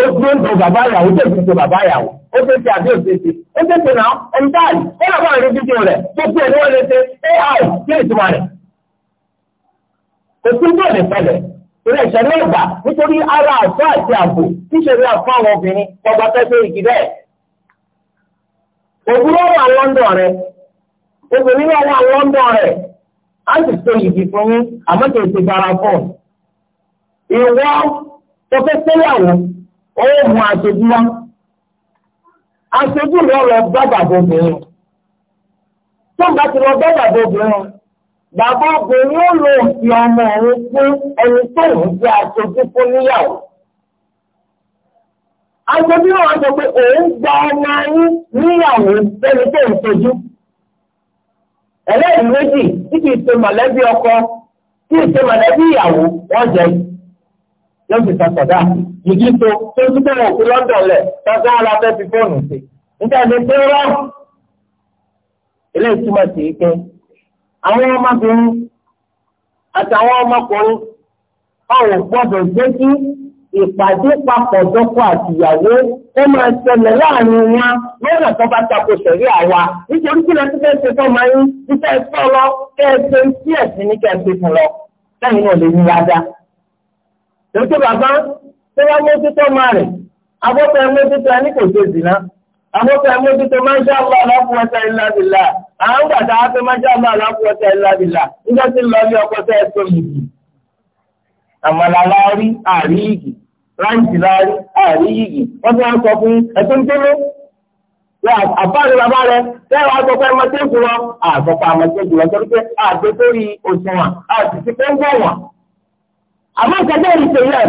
ó gbé ń bọ bàbá ìyàwó tó ti so bàbá ìyàwó ó ṣe ṣe àbí òṣèṣe ó ṣe ṣe náà ẹni táàlì ó làbọ̀ àrùn fídíò rẹ̀ tó kú ẹ̀ ní ṣe ai kí ètò rẹ̀ òkú náà lè fẹlẹ̀ ìrẹ̀ ìṣẹ̀lẹ̀ ọ̀gbà nítorí ara àtọ́ àti ààbò tíṣẹ̀rí àfọ́ àwọn obìnrin ọgbà fẹ́fẹ́ igi bẹ́ẹ̀. òbúrò wà lọ́ndọ̀ rẹ̀ obìnrin náà wà lọ́ndọ̀ rẹ̀ á sì so igi fún yín àmọ́ kì í ti bara fún un. ìwọ tó fẹ́ sẹ́yàwó ó mú aṣojú wá aṣojú rẹ̀ lọ bá bàbá obìnrin tó ń bá ti lọ bá bàbá obìnrin bàbá obìnrin ó lo òfin ọmọ òun fún ẹni tó ń jẹ́ aṣojú fún níyàwó. aṣojú náà sọ pé òun gba ọmọ yín níyàwó sẹ́ni tó ọkọ tí mọ̀lẹ́bí ìyàwó wọ́n yóò ti sọ yìí tó tó ń túbọ̀ òkú lọ́dọ̀ lẹ̀ tọ́jú àwọn fi fóònù sí. àwọn ọmọbìnrin àtàwọn ọmọkùnrin ọ̀rọ̀ gbọ́dọ̀ jẹ́ kí ìpàdé papọ̀ dọ́kọ̀ àtìyàwó ó máa ṣẹlẹ̀ láàrin wọn lọ́nà tó bá tako sẹ̀rí àwa nítorí kí lọ́sí fẹ́ ṣe fọ́ọ̀mù ayé títẹ́ ẹ̀fọ́ lọ kẹ́ẹ̀ṣe sí ẹ̀sìn ní kẹ́ẹ̀ṣe fún lọ lẹ́yìn náà lè ní ládàá. lókè bàbá tí wọ́n mójútó máa rẹ̀ abọ́tọ̀ ẹ̀ mójútó ẹ̀ ní kò ṣe zìnnà àmọ́tò àmójútó máṣá Allah la quwwata illa billah àwọn gbàtà àti máṣá Allah la quwwata illa billah nígbà tí ń lọ bí ọkọ tẹ́ ẹ tó yìí. àmàlà láàrí àrí yìí ráǹtì láàrí àrí yìí wọ́n ti wọ́n sọ fún ẹ̀tún tẹ́lẹ̀. ṣé àfáàrí bàbá rẹ ṣé wàá sọ pé mọ́tẹ́kù lọ àsọpọ̀ àmọ́tẹ́kù lọ sọ pé àgbẹ̀ tó rí òṣùwọ̀n àti ti pé ń gbọ̀ wọ̀n. àmọ́ ìkẹ́jọ́ ìṣèlú ẹ̀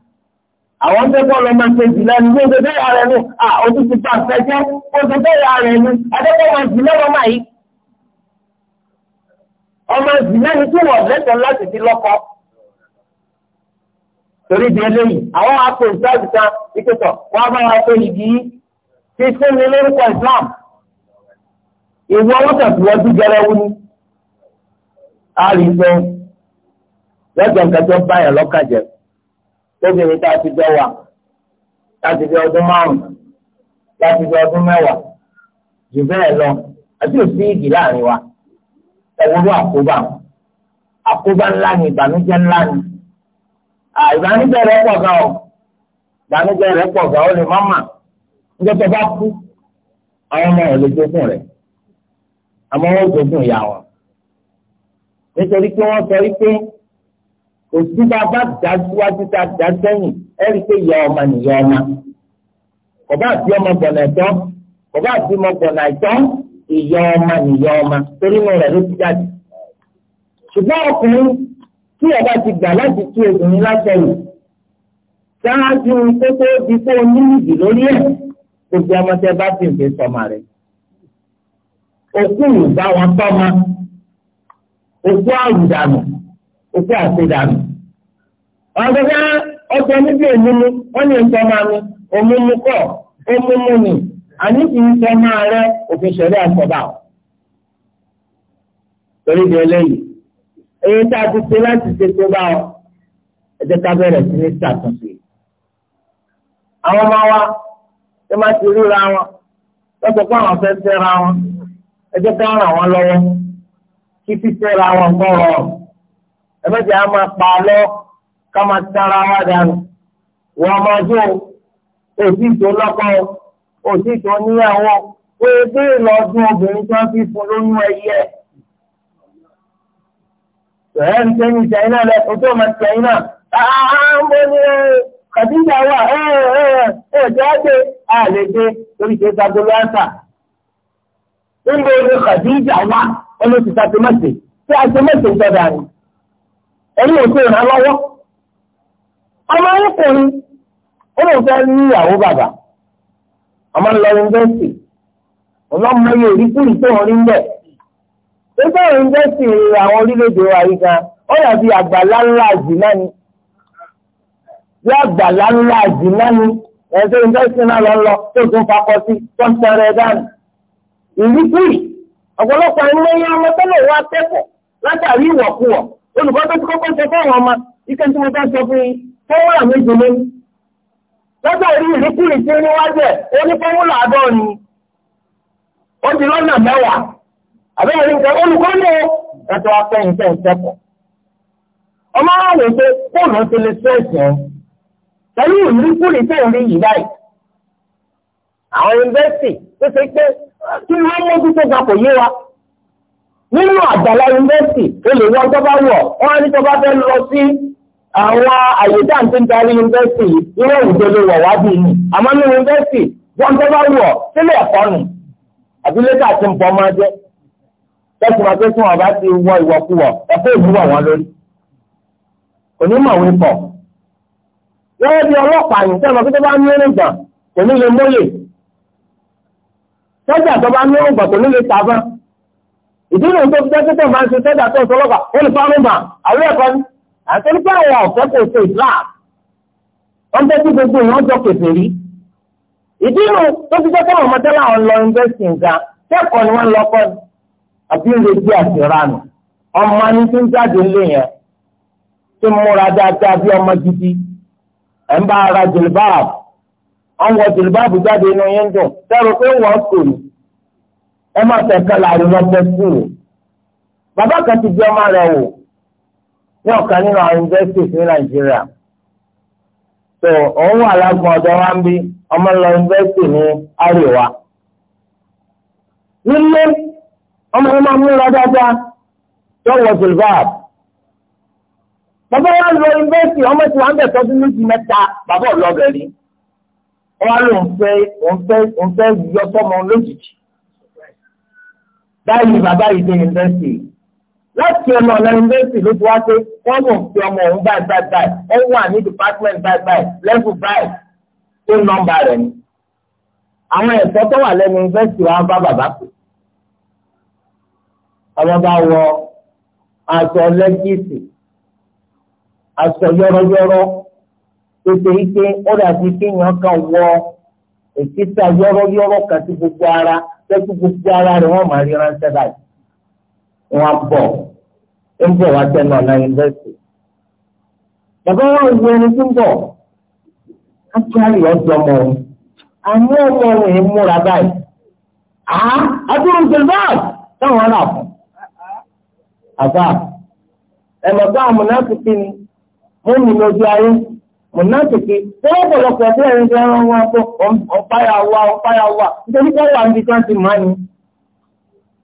àwọn tó kọ́ lọ́mọ ṣe jù lẹ́nu bí oṣù tó yà rẹ̀ nù à oṣù ti pa àfẹ́jẹ́ oṣù tó yà rẹ̀ nù adẹ́kọ̀ máa jù lọ́wọ́ máa yìí. ọmọ jù lẹ́nu tí wọ́n lẹ́tọ̀ọ́ láti fi lọ́kọ. torí di eléyìí àwọn akọ ìsáàbì kan ìkẹtọ̀ wọn bá wa tó yìí yìí ti fún mi lórúkọ Islam. ìwọ wọn kàn fi wọ́n dúgẹrẹ wú ni. a rí i pé lọ́jọ́ nǹkan tó bá yàn lọ́kàjẹ́ lóbìnrin tá a ti jọ wà láti fi ọdún márùn-ún láti fi ọdún mẹ́wàá jù bẹ́ẹ̀ lọ àti òsì igi láàrin wa ẹ̀wọ́rọ̀ àkóbá àkóbá ńlá ni ìbànújẹ́ ńlá ni ìbànújẹ́ rẹ̀ pọ̀ gan o ìbànújẹ́ rẹ̀ pọ̀ gan o lè má mà níjẹ́ tó bá kú àwọn ọmọ rẹ̀ lè jogún rẹ̀ àmọ́ wọ́n jogún ìyá wọn nítorí pé wọ́n sọ wípé òsì bá bá dá síwájú tá a dá sẹ́yìn ẹ rí i pé ìyá ọmọ nìyá ọmọ bàbá àti ọmọ gbọ̀nà ẹ̀tọ́ bàbá àti ọmọ gbọ̀nà ẹ̀tọ́ ìyá ọmọ nìyá ọmọ torí inú rẹ̀ ló ti jáde. ṣùgbọ́n ọkùnrin tí ọba ti gbà láti tú obìnrin láṣẹyìn ṣáájú tó di kó o ní ìdì lórí ẹ̀ gbogbo ọmọ tẹ bá fi ìfẹ́ sọmọ rẹ̀. òkú ìbá tọ́ ma òkú àrùdànù òkú àṣedànù. ọ̀gá ọjọ́ níbi òmùmú wọ́n ní nǹkan máa mi òmùmú kọ̀ òmùmú ni àní kì í sọ máa rẹ òfin ṣẹlẹ̀ àkọ́bà. torí di eléyìí èyí tá a ti ṣe láti ṣe tó bá ọ ẹ ká bẹ̀rẹ̀ sí ní ṣàtúnṣe. àwọn ọmọ wa ṣe máa ti ríra wọn lọ́sọ̀ pé àwọn fẹ́ fẹ́ra wọn ẹ ká ràn wọ́n lọ́wọ́ kí fífẹ́ra wọn kọ́ rọrùn ẹ mẹ́jẹ̀ á máa pa lọ ká máa tara wá dànù wọ́n máa jó òtí tó lọ́kọ́ òtí tó níyàwó pé bí ìlọ́dún obìnrin tó ń fi fún lóyún ẹyẹ. Ṣèyí ń tẹ́yìn tẹ́yìn náà lẹ ojú ọmọ tẹ́yìn náà. Àá ń bọ́ ní Kàdíjà wà ẹ̀ ẹ̀ ẹ̀ jáde àlejò torí ṣe ṣàgbọ́lọ́ àṣà. Ń bọ́ ní Kàdíjà wà ẹ̀ ló ti ṣàtúmọ̀ṣe. Ṣé àṣemọ̀ṣe ń tọ́ da ni? ẹni ò tó ìrànlọ́ lọ́wọ́. ọmọ ọkùnrin ó lè fẹ́ ní ìyàwó bàbá ọmọ ńlọ yunifásitì ọlọ́mọ yóò rí kúrì tó ń rí ń bẹ̀. pípẹ́ yunifásitì àwọn orílẹ̀-èdè wa yìí gan ó yà bí àgbàlá ńlá àjìnà ni bí àgbàlá ńlá àjìnà ni ẹ̀sẹ̀ yunifásitì náà lọ lọ tó tún fakọ sí tó ń tẹ̀rẹ̀ dánù. ìrí kúrì ọ̀pọ̀lọpọ̀ ẹ̀mọ́yé ọmọ tẹ́lẹ̀ wá kẹ́kọ̀ọ́ olùkọ́ tó ti kọ́kọ́ sọ fáwọn ọmọ ike tí mo bá sọ fún yín fọ́wọ́là méje lé lọ́jọ́ orí ìrékùrì tí ń wá jẹ́ oní fọ́wọ́là àádọ́rin ó di lọ́nà mẹ́wàá àbẹ́wò ní nǹkan olùkọ́ ní ẹ̀tọ́ afẹ́yìntẹ́ ìṣẹ́kọ̀ ọmọ wa wò pé fóònù ti lè sọ ìṣẹ́ pẹ̀lú ìrékùrì tí ń rí yìí báyìí àwọn yunifásitì tó ṣe pé kí wọ́n mójútó ga kò yé wa nínú àgbàlá yunifásitì o lè wọ́n tó bá wọ̀ wọ́n á ní tó bá fẹ́ lọ sí àwọn àyè tá à ń tó ń darí yunifásitì irú òwúdó ló wọ̀ wá bí mi àmọ́ ní yunifásitì wọ́n tó bá wọ̀ sílẹ̀ ẹ̀kọ́ nù àbílẹ̀ tá a ti ń bọ́ máa jẹ́ tẹ́sí ma pé tí wọ́n bá ti wọ ìwọ̀kuwọ̀ ẹ̀fọ́ ìwúwọ̀ wọn lórí onímọ̀wé pọ̀ lọ́wọ́ bí ọlọ́pàá yìí sẹ́wọ̀n kí tó bá ní ẹ̀rìngàn kò ní lè mọ́lẹ̀ sọ́jà tó bá ní ẹ̀rìngàn kò ní lè sábà ìdílé tó fi jẹ́ pípọ̀ máa ń ṣe sẹ́dá tó sọlọ́gbà ó lè fa rúbà àwọn ẹ̀kọ́ ni àti nípa àwọn ọ̀fẹ́ kò ṣe Islam wọ́n tẹ́ sí gbogbo ìwọ́n jọ kèfèrí ìdílé tó fi jẹ́ pípọ̀ máa tẹ́lá àwọn lọ invest nǹkan kẹ́kọ̀ọ́ ni wọ́n lọ kọ́ ni àbí ń lè gbé àṣìranù ọmọ ni tí ń jáde ńlé yẹn tí ń múra dáadáa bí ọmọ gidi ẹ̀ ń bá ara jìlbáàbù ọ̀n wọ jìlbáàbù jáde inú yẹn dùn tẹ́rù pé wọ́n sòrò ẹ má tẹ̀ka láàrin lọ́pẹ́ sí o bàbá kan ti gbé ọmọ rẹ̀ wò ní ọ̀kan nínú àwọn universities ní nàìjíríà tó òun wà lágbọn ọ̀dọ̀ wa ń bí ọmọ lọ university ní àríwá nílé ọmọ yẹn máa múra dáadáa tó wọ zulbab bàbá wa lọ university ọmọ tí wọn bẹ tọdún méjì mẹ́ta bàbá ọlọgẹrin wọn lòun fẹ́ òun fẹ́ òun fẹ́ yọ sọmọ lójijì báyìí bàbá yìí dé yunifásitì láti ọmọ ọ̀nà yunifásitì ló ti wá pé wọ́n mọ̀ fi ọmọ òun báyìí báyìí báyìí ó wà ní department báyìí báyìí level báyìí tó nọ́mbà rẹ̀ ni. àwọn ẹ̀fọ́ tó wà lẹ́nu yunifásitì wa bá bàbá pè. ọmọ bá wọ aṣọ lẹ́gíìsì aṣọ yọ́rọ́yọ́rọ́ tó ṣe ike ó dàbí kéèyàn kan wọ èkìtà yọ́rọ́yọ́rọ́ kan sí gbogbo ara. tẹ́kù gbogbo ara rẹ̀ wọ́n máa rí ránṣẹ́ báyìí. Wọ́n bọ̀ ń bọ̀ wá ọ̀nà yunifásitì. Bàbá ẹni tó ń bọ̀. òun. Àmú ọmọ múra báyìí. À táwọn ará fún. Àbá mọ̀nàtìkì tó ọ̀pọ̀lọpọ̀ tí ẹ̀rin fi ẹran wọn tó ọ̀páyàwá ọ̀páyàwá nítorí pé wà níbi tí wọ́n ti máa ní.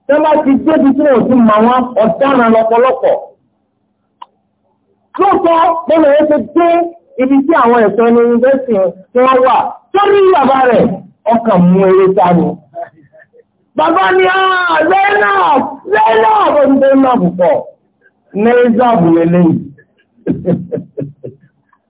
tí wọ́n bá ti débi tí wọ́n ti mọ àwọn ọ̀daràn lọ́pọ̀lọpọ̀. lóòótọ́ bọ́lá yẹn ti dé ibi tí àwọn ẹ̀sọ́ ní yunifásitì tí wọ́n wà sórí bàbá rẹ̀ ọkàn mú eré sáré. bàbá ni a ah, zainab zainab ọdún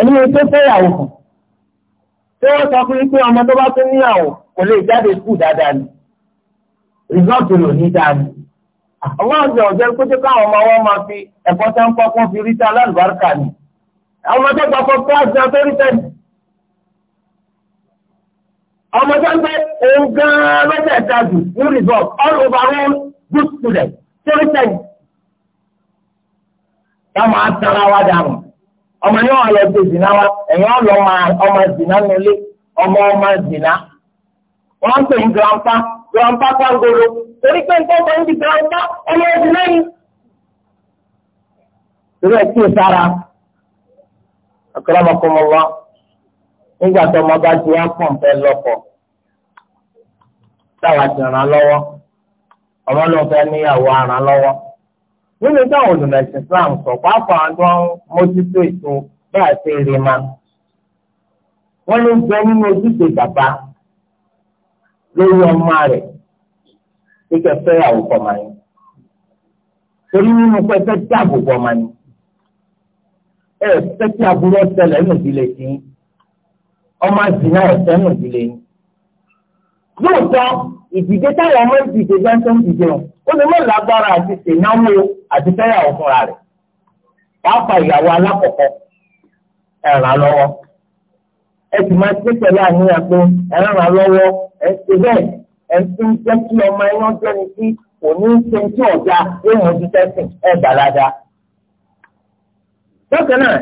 ẹni tó fẹ́yàwó fún tí wọ́n sọ fún yín pé ọmọ tó bá tún níyàwó kò lè jáde skul dáadáa ni rìsọ́ọ̀tù lò ní dáadáa àwọn ọ̀dọ́ ọ̀jẹ́ kótó káwọn ọmọ wọn máa fi ẹ̀kọ́ tó ń kọ́ fún fi ríta alálùbáríkà ni àwọn ọmọdé gbàgbọ́ kíláàsì náà tó rí tẹ́lẹ̀ ọmọdé ń bẹ òun gan-an lọ́sẹ̀ ẹ̀ka jù ní result all over all good students. tó rí tẹ́lẹ̀ táwọn á tara wa dànù ọmọ yẹn wà lọ gbé zina wa ẹ̀yin ọlọ ọmọ zina nulẹ̀ ọmọ ọmọ zina wọ́n ń pè ní grandpa grandpa kangolo torí pé nǹkan kan ń di grandpa ọmọ zina yìí. torí ẹ kíyè sára akọlọmọkọmọ wa nígbà tó ọmọ bá ti wá pọ̀ fẹ́ lọ́kọ̀ táwa ti lọ́wọ́ ọmọ náà fẹ́ níyàwó ràn lọ́wọ́ nínú táwọn olùmọ̀ẹ̀sìn Islam sọ pàápàá ló ń mójútó ètò bá a ṣe rí ma wọ́n ló ń bẹ nínú ojúṣe bàbá lórí ọmọ rẹ̀ kíkẹ́ fẹ́yàwó kọ̀ọ̀mà yẹn torí nínú pẹ́ẹ́fẹ́ dáàbò bọ̀ọ̀mà ni ẹ fẹ́ kí aburú ọ̀sẹ̀lẹ̀ nù ìdílé sí ọmọ àdìnnà ọ̀sẹ̀ nù ìdílé yìí lóòótọ́ ìdíje táwọn ọmọ ìdíje jẹ́ ń tó ń dìde wọn. ó lè má lágbára àti ṣèyánwó àti fẹ́yàwó fúnra rẹ̀ pàápàá ìyàwó alákọ̀ọ́kọ́ ẹ ràn án lọ́wọ́ ẹ sì máa ṣe pẹ̀lú àníyàn pé ẹ ràn án lọ́wọ́ ẹ ṣe bẹ́ẹ̀ ẹ ti ń jẹ́ kí ọmọ ẹ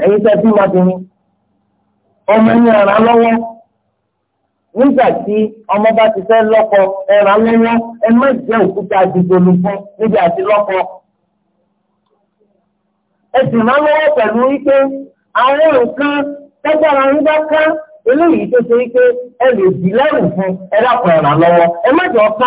yán jẹ́ni nígbà tí ọmọ bá ti fẹ́ lọ́kọ ẹ̀rọ lọ́wọ́ ẹ má jẹ́ òkúta dìgbòlù fún níbi àti lọ́kọ. ẹ sì máa lọ́wọ́ pẹ̀lú wípé àwọn nǹkan tẹ́gbàrà ń bá ká eléyìí tó ṣe wípé ẹ lè dì lẹ́rù fún ẹ dákun ẹ̀rọ lọ́wọ́ ẹ má jọ pé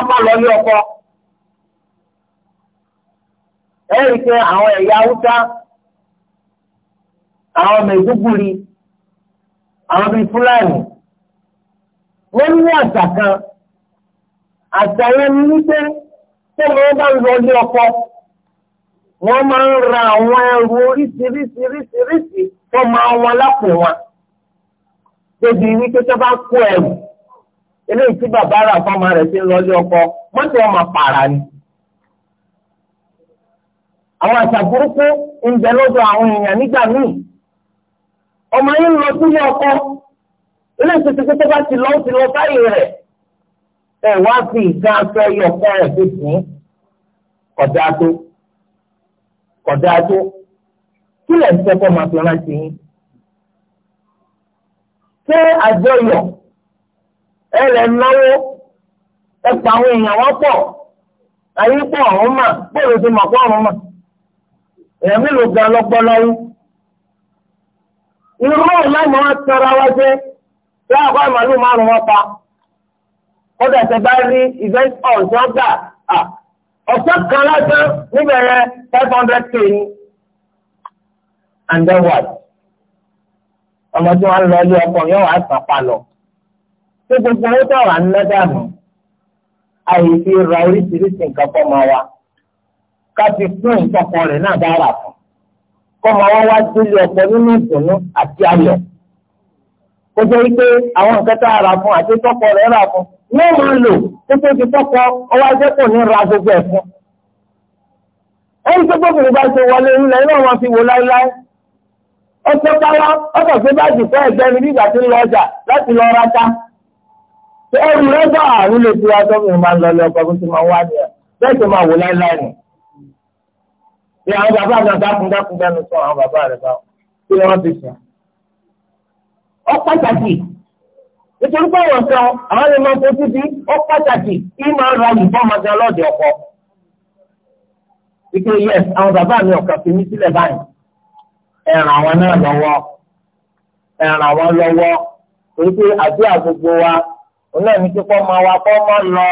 wọ́n ní àṣà kan àṣà yẹn ni wípé tó wọ́n bá ń wọlé ọkọ wọ́n máa ń ra àwọn ẹrù oríṣiríṣiríṣiríṣi tó máa wọn lápò wọn débi wípé tó bá kó ẹrù eléyìí tí bàbá rà fọmọ rẹ̀ ti ń lọlé ọkọ mọ́tò ọmọ pààrà ni. àwọn àṣà burúkú ń bẹ lọ́dọ̀ àwọn èèyàn nígbà míì ọmọ yìí ń lọ sílé ọkọ eléyìí tuntun pé tó bá ti lọ ti lọ báyìí rẹ̀ ẹ wá fi ìka aṣọ ẹyọ kọ rẹ̀ fi sìn kọjá tó kọjá tó kí lè ṣe kó máa fi rántí yín ṣé àjọyọ̀ ẹ lè náwó ẹ pa àwọn èèyàn wọn pọ̀ ayé pọ̀ ọ̀hún mà bóyá ti mọ̀ pọ̀ ọ̀hún mà èèyàn mélòó gan lọ́gbọ́n irú ọ̀la ni wọ́n tẹ̀ra wá jẹ́ láàkọ́ àmàlù márùn wọn pa kódà tẹ bá rí event hall tí wọ́n gbà ọ̀sẹ̀ kan lásán níbẹ̀ yẹn five hundred k ni and then what ọmọ tí wọ́n lọ ilé ọkọ yẹn wàá sàn pa lọ tó gbogbo owó tó wà ń ná dànù àyè fi ra oríṣiríṣi nǹkan fọ́ ọmọ wa ká fi kún ìtọ́kọ rẹ̀ náà dára fún kọ́ ọmọ wa wá sílé ọkọ nínú ìdùnnú àti ayọ̀ kó jẹ́ wípé àwọn nǹkan tá a rà fún àti tọ́kọ rẹ̀ rà fún wọ́n máa lò kó tó ti tọ́kọ ọwọ́ ajẹ́kọ̀ọ́ ní ra gbogbo ẹ̀ fún. ẹni tó gbófin bá ṣe wọlé ńlẹ̀ iná wọn fi wò láéláé ọtọ́ báwa ọkọ̀ tó bá jù fún ẹgbẹ́ mi nígbà tí ń lọ ọjà láti lọ rata. ẹrù rẹ̀ bá àrùn lè fi ọjọ́ mi máa lọ lọ ọkọ̀ tó máa wá ní ẹ̀ bẹ́ẹ̀ tó máa wò láéláé nù. bí àwọn bàbá àgbà dákúndákún bẹ́ẹ̀ ni sọ bàbá rẹ̀ ó pàtàkì nítorí pé àwọn kan àwọn lè máa fojú bí ó pàtàkì kí máa ra ìbọn máa gan lọ́ọ̀dẹ̀ ọkọ. wípé yes àwọn bàbá mi ọ̀kan fi mí sílẹ̀ báyìí ẹ àwọn náà lọ́wọ́ ẹ àwọn lọ́wọ́ torí pé àdúrà gbogbo wa òun náà ní kíkọ́ máa wá kọ́ mọ́ lọ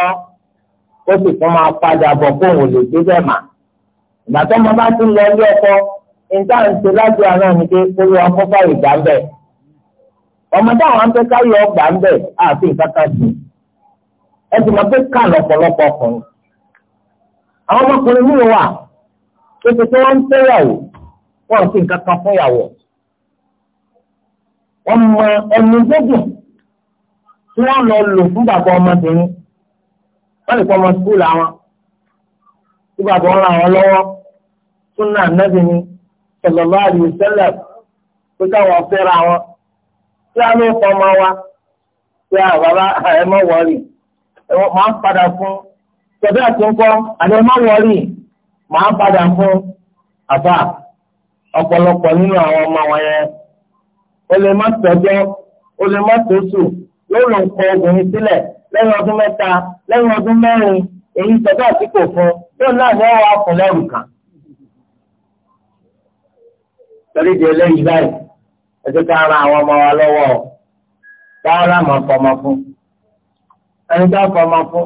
ó sì tún máa padà bọ̀ kó òun lè dé bẹ́ẹ̀ mà. ìgbà tó máa bá tún lọ ilé ọkọ ìta ń ṣe lájọ àná mi pé kó lọ ọkọ ọmọ táwọn afẹ́ káyọ̀ ọgbà ń bẹ̀ àti ìkàkà sí ẹ sì máa pé ká lọ́pọ̀lọpọ̀ ọkùnrin àwọn ọmọkùnrin mi wà tó ti pé wọ́n ń fẹ́yàwó wọ́n sì ń kankan fẹ́yàwó ọmọ ẹni gbógun tí wọ́n lọ lò fún bàbá ọmọbìnrin wọ́n lè kọ́ ọmọ sukúlù àwọn tí bàbá wọn ràn wọ́n lọ́wọ́ tún náà nẹ́bìnrin sallallahu alaihi wasallam pé káwọn fẹ́ra wọn. tí a ní fọmọ wa tí a bàbá ẹ má wọrí máa padà fún tọ́jú àtúnkọ́ àti ẹ má fún àbá ọ̀pọ̀lọpọ̀ nínú àwọn ọmọ wọn yẹn o lè má tọ́jọ́ o lè má tóṣù yóò lọ kọ obìnrin sílẹ̀ lẹ́yìn ọdún mẹ́ta lẹ́yìn ọdún ẹ jẹ́ ká ran àwọn ọmọ wa lọ́wọ́ o dáhàrà máa fọmọ fún ẹni tá a fọmọ fún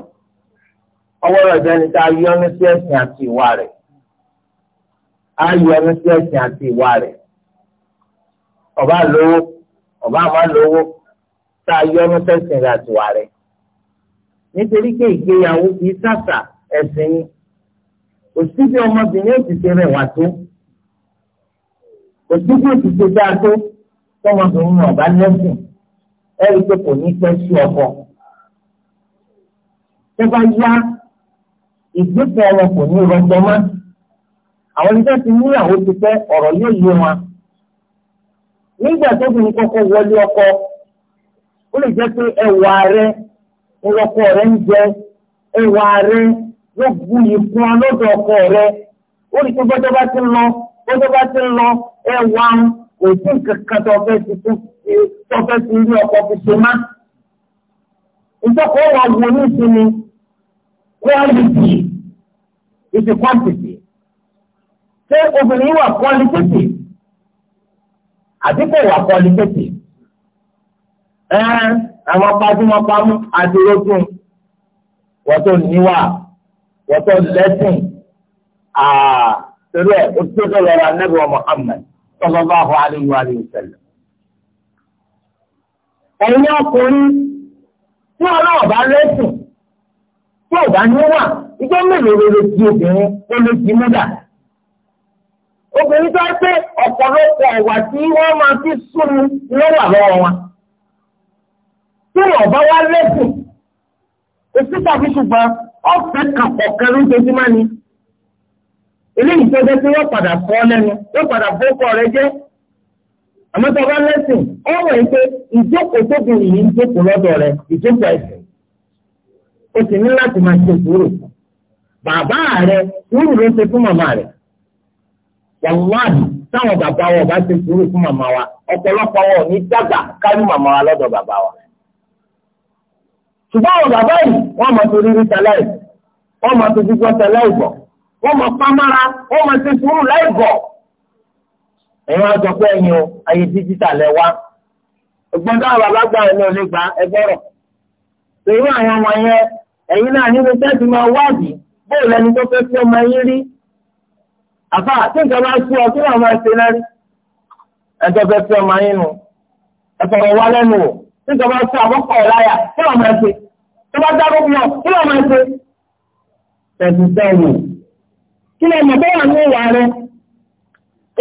ọwọ́ rẹ̀ jẹ́ ẹni tá a yọ ní sí ẹ̀sìn àti ìwà rẹ̀ a yọ ní sí ẹ̀sìn àti ìwà rẹ̀ ọba lówó ọba àmọ́ lówó tá a yọ ní sẹ́sìn rẹ̀ àti ìwà rẹ̀ nítorí pé ìgbéyàwó kì í sàṣà ẹ̀sìn ni òsibí ọmọbìnrin ò rẹ̀ wá tó òsibí ò ti ṣe dáa tó tọmọbìnrin náà bá lẹ́sìn ẹ̀rí pé kò ní pẹ́ sí ọkọ. tó bá yá ìgbésẹ̀ wọn kò ní rọjò mọ́ àwọn ẹni tó ti níyàwó ti pẹ́ ọ̀rọ̀ yóò yé wọn. nígbà tó bìnrin kọ́kọ́ wọlé ọkọ ó lè jẹ́ pé ẹwà rẹ ọkọ rẹ ń jẹ ẹwà rẹ yóò bu ìfún ọ ọkọ rẹ ó lè pé bọ́jọ́ bá ti ń lọ bọ́jọ́ bá ti ń lọ ẹwà kò sí nǹkan kan tó fẹ́ ti tó tó fẹ́ ti rí ọkọ̀ fi ṣe má. ìjọkọ̀ wà wọ ní ìsinmi quality is a quantity. ṣé obìnrin wà qualitative àti kò wà qualitative? ẹ àwọn pàjùmọ̀pamọ́ àti rọ́gùn wọ́n tó níwà wọ́n tó lẹ́sìn àà torí ẹ̀ ó tó tó lọ́ra nẹ́bí wa Muhammad sallallahu alaihi wa sallam. ẹ̀yin ọkùnrin tí ọlọ́wọ́ bá lẹ́sùn tí ò bá níwà ìjọ mélòó rere ti obìnrin ó lè ti mú dà. obìnrin tó ń pé ọ̀pọ̀lọpọ̀ ọ̀wà tí wọ́n máa fi súnmi ló wà lọ́wọ́ wọn. tí wọ́n wá lẹ́sùn èsì tàbí ṣùgbọ́n ọ̀fẹ́ kàpọ̀ kan lójoojúmọ́ ni eléyìí tó jẹ́ pé wọ́n padà kọ́ lẹ́nu wọ́n padà bókọ̀ rẹ jẹ́ àmọ́ tó bá lẹ́sìn ọ̀rọ̀ yìí pé ìjókòó tóbìnrin yìí ń jókòó lọ́dọ̀ rẹ ìjókòó ẹ̀sìn o sì ní láti máa ṣe sùúrù bàbá rẹ sùúrù ló ṣe fún màmá rẹ wàláàdì táwọn bàbá wa bá ṣe sùúrù fún màmá wa ọ̀pọ̀lọpọ̀ wọn ò ní dàgbà kárí màmá wa lọ́dọ̀ bàbá wa ṣùgbọ́n àwọn bàbá yìí wọ́n máa torí rí tẹ́lẹ̀ wọ́n máa torí gbọ́ tẹ́lẹ̀ ìbọn wọ́n mọ̀ pamara wọ́n mọ̀ ṣe sùúrù láì ẹ̀yin wá sọ pé ẹ̀yin o ayé díjítà lẹ wá. ẹ̀gbọ́n táwọn bàbá gbà ẹ̀ náà lè gba ẹgbọ́rọ̀. pẹ̀lú àwọn ọmọ yẹn ẹ̀yin náà nínú tẹ́sí máa wádìí bóòlù ẹni tó fẹ́ fi ọmọ yín rí. àfà tí nǹkan bá sú ọ kí wọ́n máa ṣe náà rí. ẹ tó fẹ́ fi ọmọ yín nù. ẹ sọ̀rọ̀ wá lẹ́nu o tí nǹkan bá sú àbọ̀kọ̀ ọ̀láyà kí lè mọ̀ bẹ́ẹ̀ ní ìwà rẹ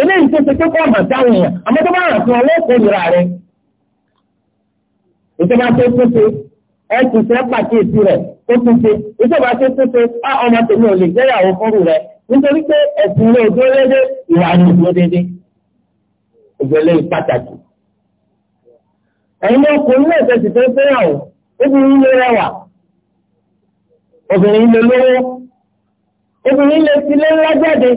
eléyìí tó ṣe pé kó ọmọ dáhùn yẹn àmọ́ tó bá rà fún ọ lẹ́kọ̀ọ́ ìra rẹ ìjọba tó tó ṣe ẹ ti ṣe pàkíyèsí rẹ tó tó ṣe ìjọba tó tó ṣe á ọmọ tèmi ò lè jẹ́yàwó fọ́rù rẹ nítorí pé ẹ̀sìn ilé òjò déédé ìwà ni òjò déédé òjòlé pàtàkì. ẹ̀yin ọkùnrin náà tẹ̀sí tó fẹ́ràn o obìnrin ló rẹwà obìnrin ló lówó obìnrin lè ti lé ńlá jáde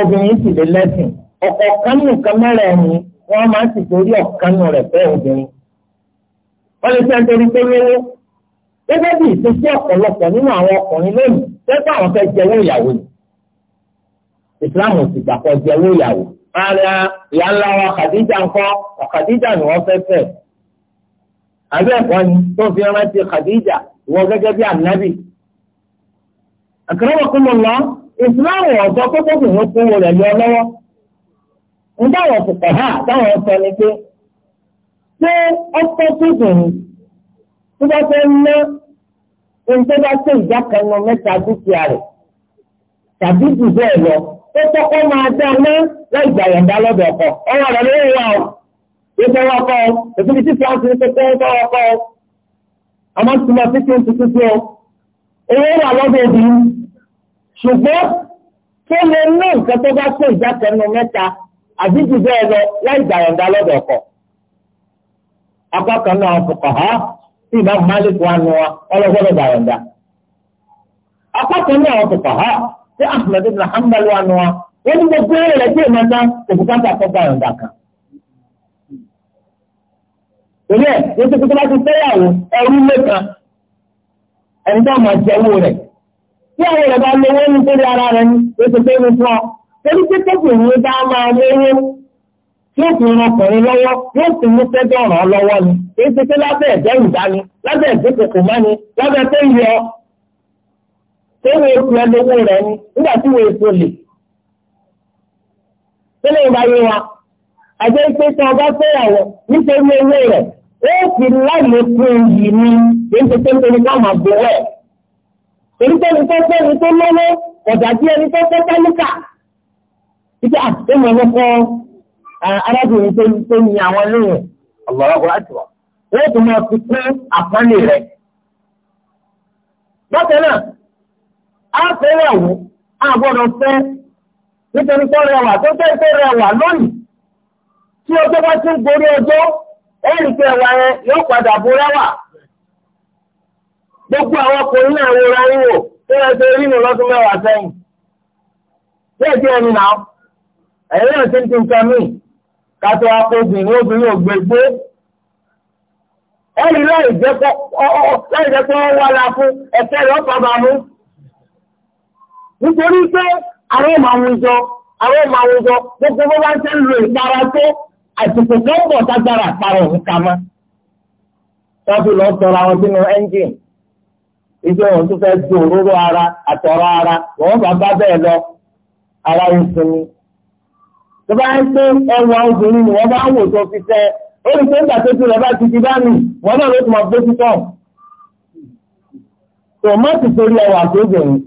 obìnrin sì lè lẹ́sìn ọ̀pọ̀ kánú kan mẹ́rẹ̀ ẹ̀yìn wọ́n máa ń sì torí ọ̀kánú rẹ̀ fẹ́ obìnrin wọ́n lè sẹ́ni torí pé lówó gẹ́gẹ́ bí ìṣesí ọ̀pọ̀lọpọ̀ nínú àwọn ọkùnrin lónìí tẹ́tọ́ àwọn fẹ́ jẹ́wọ́ ìyàwó ni Islam ò sì gbàgbọ́ jẹ́wọ́ ìyàwó ara ìyá ńlá wa Khadija ńkọ́ Khadija ni wọ́n fẹ́ fẹ́ àbẹ́ ni tó fi rántí Khadija ìwọ gẹ́gẹ́ bí ànábì àkàràwọ̀ kún mọ̀ lọ ìsìláàmù ọ̀dọ́ tó tó fìwé kún wọ rẹ̀ lọ lọ́wọ́. ń dáwọ̀ pùpọ̀ hà dáwọ̀ sọ ni pé ṣé ọ̀pọ̀ tó dùn tó bá fẹ́ ná ohun tó bá tó ìjà kan lọ mẹ́ta dúkìá rẹ̀ tàbí jù bẹ́ẹ̀ lọ tó tọ́kọ́ máa dá ná láì gbà yọ̀ǹda lọ́dọ̀ ọkọ̀ ọwọ́ rẹ̀ ló wà ó ìfẹ́ wọ́n kọ́ ìfúni tí fúláǹsì ń tẹ́tẹ́ ń tọ́wọ́ kọ́ àmọ́ tí mo fi tún tuntun tó owó wà lọ́dọ̀ obìnrin. ṣùgbọ́n tó lè ní nǹkan tó bá pé ìjákẹ́nu mẹ́ta àbí jù bẹ́ẹ̀ lọ láì gbàyànjá lọ́dọ̀ ọkọ. akọ́kàn náà fọkàn á tí ìbámu Malik wà wa ọlọ́gbọ́dọ̀ gbàyànjá. akọ́kàn náà á Ahmed ibn Hanbal wa wọ́n ní gbogbo eré rẹ̀ tí ìmọ̀ náà òbúkátà gbàyànjá kan. torí ẹ̀ yóò ti kí bá ti ẹrú lé kan máa owó rẹ̀. tí àwọn èèyàn bá lówó nítorí ara rẹ̀ ní oṣù tó ń fọ́ torí pé tọkùnrin bá máa lówó fi ran ọkùnrin lọ́wọ́ yóò fi mú lọ́wọ́ ni pé lábẹ́ ẹ̀jẹ̀ lábẹ́ ẹ̀jẹ̀ kòkò lábẹ́ tó rẹ̀ ni nígbà tí èso lè wa àjẹ́ pé tí wọ́n bá nítorí owó rẹ̀ ó fi fún iyì ni èyí tó ní tó pé ní tó lọ́wọ́ ọ̀dà bí ẹni tó pé tálíkà títí àtúntò mọ̀ fọ́ arábìnrin tó tó ní àwọn lóyún ọ̀gbọ̀rọ̀gbọ̀ láti wọ̀ wọ́n tún máa fi kún àpọ́nlé rẹ̀. bákan náà á fẹ́yàwó á gbọ́dọ̀ fẹ́ nítorí tó rẹwà tó fẹ́ tó rẹwà lónìí tí ọjọ́ bá tún gorí ọjọ́ ẹ̀rì kẹwàá yẹn yóò padà bó rẹwà. gbogbo àwọn ọkùnrin náà wo ra yín wò tí ṣe rí nù lọ́dún mẹ́wàá sẹ́yìn. bẹ́ẹ̀ tí ẹni náà ẹ̀yìn náà ti ń ti nǹkan míì kátó akóbìnrin obìnrin ẹ̀yìn láì jẹ́ pé wọ́n wá la fún ẹ̀kẹ́ rẹ̀ bá mú. nítorí pé àwọn ọmọ àwọn ìjọ àwọn ọmọ àwọn ìjọ gbogbo bó bá ń ṣe ń lo ìpara tó kan bọ̀ tágbára ìjọ wọn tó fẹ́ di òróró ara àtọ̀rọ̀ ara wọn bá bá bẹ́ẹ̀ lọ ara ń sinmi. tó bá ń pé ẹwà obìnrin ni wọ́n bá wò tó fi tẹ́ ó rí pé nígbà tó ti rẹ̀ bá ti di dání wọ́n náà ló ti máa bójú tọ̀. tó má ti torí ẹwà tó bẹ̀rẹ̀.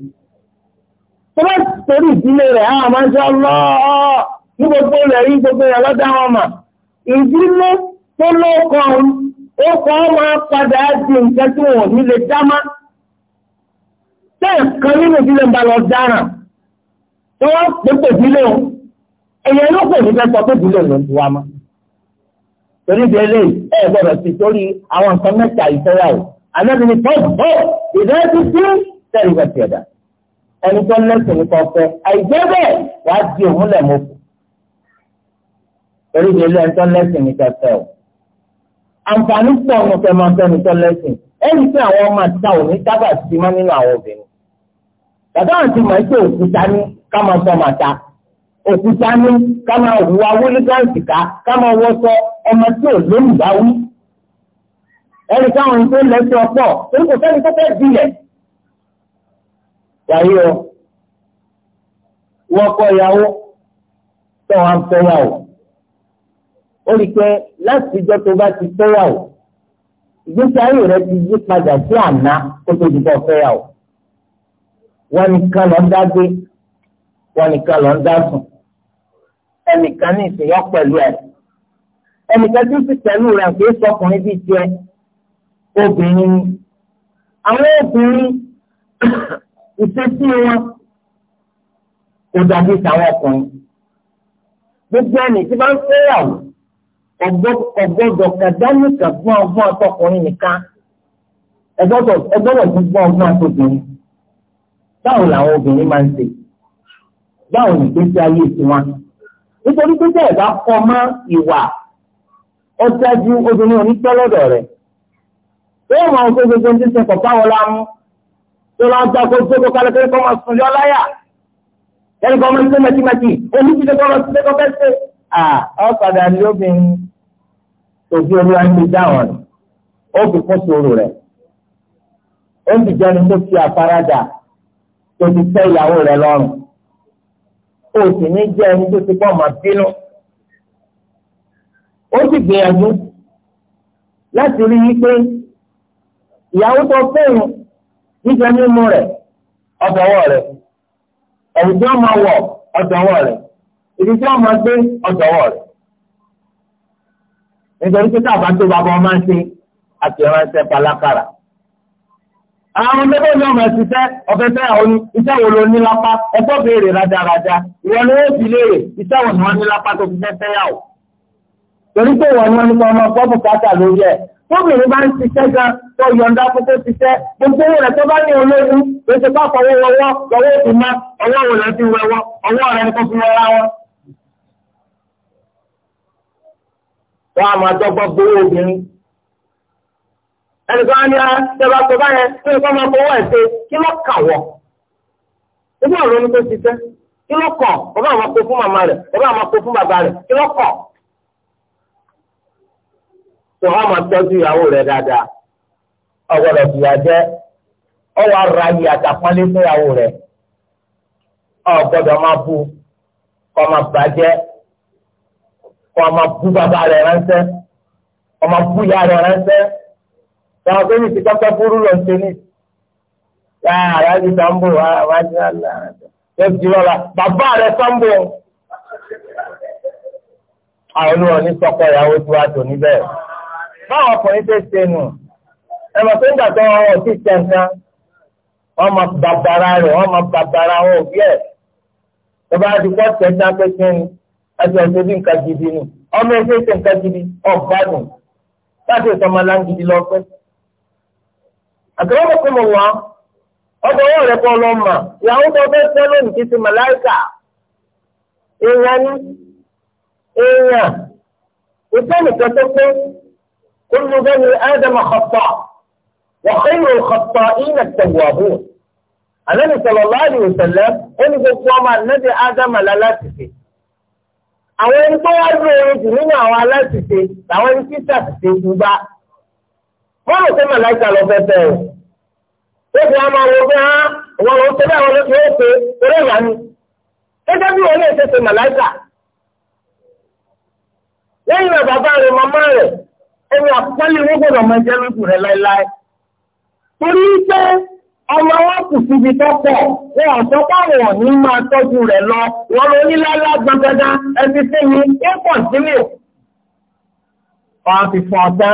tó bá torí ìdílé rẹ̀ á máa ń sọ lọ́ọ́ ní gbogbo rẹ̀ yí gbogbo rẹ̀ lọ́dọ̀ àwọn ọmọ. ìdílé tó ló kọ́ ó kọ́ máa padà di nǹkan tí wọn ò ní lè dá máa táyà kan nínú ìdílé ń bá lọ dáràn tí wọ́n pè pè ìdílé o èèyàn ló pè nípa sọ pé ìdílé ló ń bu wa mọ́. torí bí eléyìí ẹ gbọ́dọ̀ sí torí àwọn nǹkan mẹ́ta ìfẹ́ra o àlẹ́bí ni tọ́jú bọ́ ìdá ti sí sẹ́rí bàtì ẹ̀dá ẹni tó lẹ́sìn nípa ọ̀fẹ́ àìjẹ́ bẹ́ẹ̀ wàá di òun lẹ̀ mọ́ kù. torí bí eléyìí ẹni tó lẹ́sìn nípa ọ̀fẹ́ o àǹfààní pọ̀ nípa ẹ̀ máa fẹ́ ni tó lẹ́sìn ẹni tí àwọn ọmọ àti bàbá àti màáṣe òkúta ní ká máa sọ màta òkúta ní ká máa hùwà wílígáǹsì ká ká máa wọṣọ ọmọ tí ò lóyún bá wí. ẹnì káwọn tó lẹ́sẹ̀ ọ̀pọ̀ torí kò sẹ́ni tó fẹ́ dilẹ̀. wàyí o wọ́n kọ́ ìyàwó tó wà ń fẹ́yàwó. ó rí i pé láti ìjọ tó bá ti fẹ́yàwó ìgbésí ayé rẹ ti yí padà sí àná kó tó di bọ́ fẹ́yàwó wọn nìkan lọ ń dá gbé wọn nìkan lọ ń dá sùn ẹnìkan ní ìsìnyọ́ pẹ̀lú ẹ̀ ẹnìkan tí ń sì pẹ̀lú rẹ̀ kì í sọkùnrin bíi tiẹ̀ obìnrin ni àwọn obìnrin ìṣesí wọn kò dàbí tàwọn ọkùnrin gbogbo ẹni tí bá ń fẹ́yàwó ọgbọ́dọ̀ kàdánù kàgbọ́n ọgbọ́n ọtọkùnrin nìkan ẹgbọ́dọ̀ gbọ́n ọgbọ́n ọtọkùnrin báwo làwọn obìnrin máa ń ṣe báwo ní ìgbésí ayé tiwọn nítorí pé bẹ́ẹ̀ bá kọ́ mọ́ ìwà ó dájú obìnrin onítọ́lọ́dọ̀ rẹ̀ bẹ́ẹ̀ máa ń pé gbogbo ní ṣe kọ̀ báwo la mú tó lọ́ọ́ gbà kó tó kó kálẹ̀ kọ́ máa sùn lọ láyà kọ́ máa ń ṣe mẹ́tímẹ́tì omi ti dẹ́kọ́ lọ sí dẹ́kọ́ fẹ́ ṣe ọ̀kadà ni obìnrin tòbí olúwa ń ti dáhùn rẹ̀ ó fi kún sòrò rẹ̀ ó ń dìjọ́ ni tó fi àfaradà tó ti tẹ́ ìyàwó rẹ lọ́rùn o sì ní jẹ́ ẹni tó ti pọ̀ máa bínú ó sì gbìyànjú láti rí i pé ìyàwó tó fẹ́yìn jíjẹ mímú rẹ̀ ọ̀dọ̀wọ́ rẹ̀ ẹ̀wù tí wọ́n máa wọ̀ ọ̀dọ̀wọ́ rẹ̀ ìdí tí wọ́n máa gbé ọ̀dọ̀wọ́ rẹ̀ nítorí pé káàbá tó bá bọ́ máa ń ṣe àti ìránṣẹ́ palákàrà àwọn tó bóyá ọmọ ẹsì tẹ ọfẹ tẹ ọni iṣẹ́ wo ló ní lápá ẹgbọ béèrè rádaràda ìwọ ni wọn fi léèrè iṣẹ́ wo ni wọn ní lápá tó fi fẹ́ fẹ́ yà o. torí pé ìwọ ni wọn ní kọ ọmọ gbọ́ bùkátà lórí ẹ̀ tóbìnrin bá ń ṣiṣẹ́ gan tó yọ̀ǹda kókó ṣiṣẹ́ gbogbo owó rẹ̀ tó bá ní olóyún ló ṣe pàpọ̀ owó wọwọ́ lọ́wọ́ òfì mọ́ ọwọ́ rẹ̀ ló fi wẹ̀wọ́ ọwọ́ rẹ̀ ni kò fi wẹ̀ra wọn. wọ́n á máa dọ́gbọ́ gbowó obìnrin ẹnìkan á ní á tẹ́lá tó bá yẹn tó nǹkan máa fowó ẹ̀ ṣe kí ló kà wọ́ ebi ọ̀rọ̀ ni tó ti fẹ́ kí ló kọ̀ bàbá àwọn akó fún màmá rẹ̀ bàbá àwọn akó fún bàbá rẹ̀ kí ló kọ̀ tó wọ́n máa tọ́jú ìyàwó rẹ̀ dáadáa ọ̀gbọ́dọ̀ fìyà jẹ ọwọ́ ara yìí àtàpọ́nlé fún ìyàwó rẹ̀ ọ̀gbọ́dọ̀ máa bu kọ́ máa bàjẹ́ kọ́ máa bu bàbá rẹ̀ ránṣẹ́ kọ́ máa bu ìyá rẹ̀ ránṣẹ́ táwọn tó ní ti kápá fúrú lọ ṣe ní. yàrá ti sambo wàá ti àlà ṣe ti lọ́la bàbá rẹ̀ sambo. àwọn olùwọ̀n ní sọ́kọ ìyàwó tí wàá tò níbẹ̀. báwọn ọkùnrin ṣe ṣe nù ẹ mọ̀ pé nígbà tó wọn ò tí ì tẹ̀ nǹkan wọ́n máa bàbàrà rẹ̀ wọ́n máa bàbàrà wọn òbí ẹ̀. bàbá àdìpọ̀ tẹ̀ ní apẹ́kẹ́ ni àti ọ̀sẹ̀ bí nǹkan gidi ni ọmọ ẹgbẹ́ ṣe nǹkan gidi ọ̀gbádùn láti ìsọmọlá ń gidi lọ àtọwọ́ kò mọ̀ wọ́n ọkọ̀ wọn rẹ̀ kọ́ lọ mà ìyàwó tó fẹ́ fẹ́ lónìí ti ti màláìkà èèyàn ni èèyàn ìfẹ́ni kẹtọ́ pé kullu bani ádámà khata wa khayrul khata'ina at-tawwabun àlẹ́ni sallallahu alaihi wasallam ó ní gbogbo ọmọ ànábì ádámà láláti fi àwọn ẹni tó wá dúró jù nínú àwọn aláṣìṣe àwọn ẹni tí sàṣìṣe gbúgbá wọ́n rò pé màláìka lọ fẹ́ fẹ́ o. Wọ́n fi máa wọ pé àwọn ọ̀rọ̀ tó bá wọn lóṣù yóò pé eré ìlànà. Gẹ́gẹ́ bí wọ́n lè ṣe ṣe màláìka. Lẹ́yìn náà bàbá rẹ̀ màmá rẹ̀ ẹni àpọ́nlé wọ́n gbọ́dọ̀ máa jẹ́ lóṣù rẹ̀ láéláé. Torí pé ọmọ wọn kù síbi tó pọ̀ wọn ò sọ pé àwọn òní máa tọ́jú rẹ̀ lọ wọn ló ní lálá gbọ̀ngàdá ẹ ti fún mi ó pọ̀ sílẹ̀. Wọ́n á fún ọ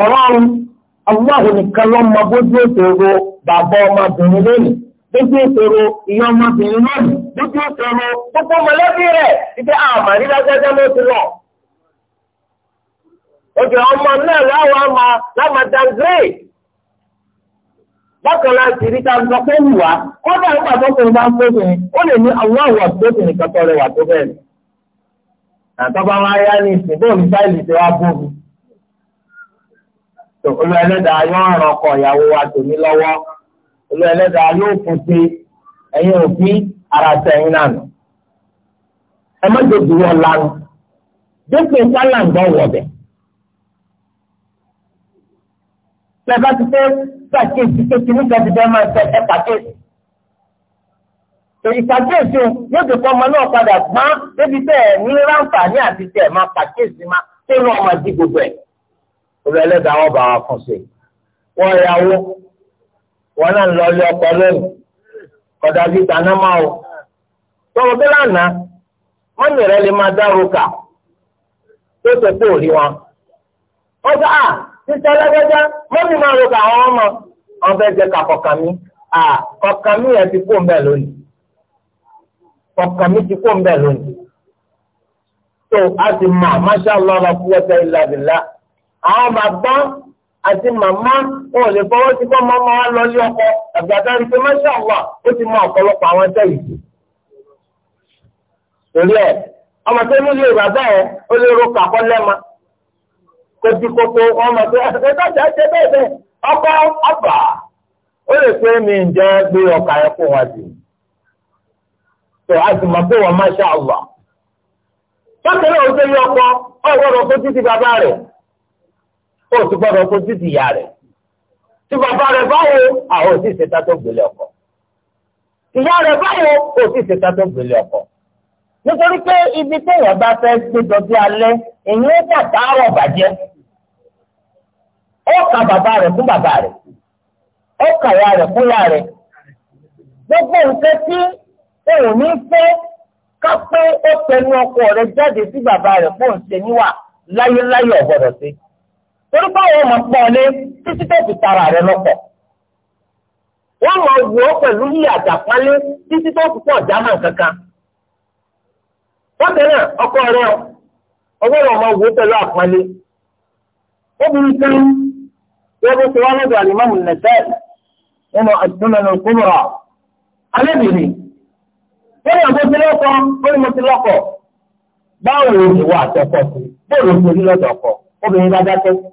ọlọ́run ọlọ́run nìkan ló mọ bójú òṣèrò bàbá ọmọbìnrin lónìí bójú òṣèrò ìyá ọmọbìnrin lónìí bójú òṣèrò gbogbo mọ̀lẹ́bí rẹ̀ ibi àmàlí lágbájá ló ti lọ. òkè ọmọ náà àmà bákan nígbà tó kò bá ń ó lè ní nìkan tọrẹ wà tó bẹ́ẹ̀ ni. àtọ́bá wa yá ní olú ẹlẹ́dàá yóò ràn ọkọ ìyàwó wa tòmí lọ́wọ́ olú ẹlẹ́dàá yóò sí òbí ara sẹ́yìn náà ẹ má jòjì wọn lanu dípò sálàǹgbọ̀ wọ̀bẹ̀. lẹ́ka ti fẹ́ pàkíyèsí máa ẹ pàkíyèsí. ìpàkíyèsí o yóò dé ọmọ náà padà gbọ́n débi ní ní àti tẹ̀ máa pàkíyèsí máa tó lọ́ ọmọ ọbẹ̀ ẹlẹ́dàá wọn bá wa kàn sí wọn yàwó wọn náà lọ ilé ọkọ lónìí kọ̀dà bíi tàná máa o tọwọ́ bí lánàá mọ́nì rẹ lè máa dárò kà tó ṣe pé ò rí wọn. wọ́n sọ à títí ẹlẹ́gbẹ́já mọ́nì máa ro kà àwọn ọmọ wọn fẹ́ jẹ kà kọ̀kan mi à kọ̀kan mi yẹn ti kó ń bẹ̀ lónìí kọ̀kan mi ti kó ń bẹ̀ lónìí. tó a ti mọ̀ masha Allah la quwwata illa billah. àwọn bàbá àti màmá wọn ò lè fọwọ́ sí kọ́ mọ́ ma lọ lé ọkọ àgbàdo rí pé máṣá wà ó ti mọ ọ̀pọ̀lọpọ̀ àwọn ẹjẹ́ torí ẹ ọmọ tó nílé bàbá ẹ ó lè ro kàkọ́ lẹ́ma kó ti kókó wọn mọ̀ pé ẹ̀ka jà jẹ́ bẹ́ẹ̀ bẹ́ẹ̀ ọkọ ọ̀bà ó lè pé mi ń jẹ́ gbé ọkà ẹ̀ fún wa sí i. tó a sì mọ̀ pé wọ́n máṣá wà. bákan náà ó gbé ọkọ ó sì gbọ́dọ̀ fojú di ìyá rẹ̀ tí bàbá rẹ̀ báwo àwọn òsì ṣètà tó gbélé ọkọ ìyá rẹ̀ báwo òsì ṣètà tó gbélé ọkọ nítorí pé ibi téèyàn bá fẹ́ gbé dọ̀bí alẹ́ èyí ó kà tààrọ̀ bàjẹ́ ó kà bàbá rẹ̀ fún bàbá rẹ̀ ó kà ya rẹ̀ fún ya rẹ̀ gbogbo nǹkan tí òun ní fẹ́ ká pé ó tẹnu ọkọ rẹ̀ jáde sí bàbá rẹ̀ fóun ṣe níwà láyéláyé ọ̀gbọ̀dọ̀ sí torí báwọn ọmọ pọ̀ lé títí tó fi tara rẹ lọ́pọ̀ wọ́n mọ̀ wò ó pẹ̀lú yí àjàpálẹ̀ títí fi pọ̀ jámà kankan bákan náà ọkọ rẹ ọgbọ́dọ̀ ọmọ wò ó pẹ̀lú obìnrin kan bó ti wá lọ́dọ̀ nínú alẹ́bìnrin wọ́n yàn ti wọ́n mọ̀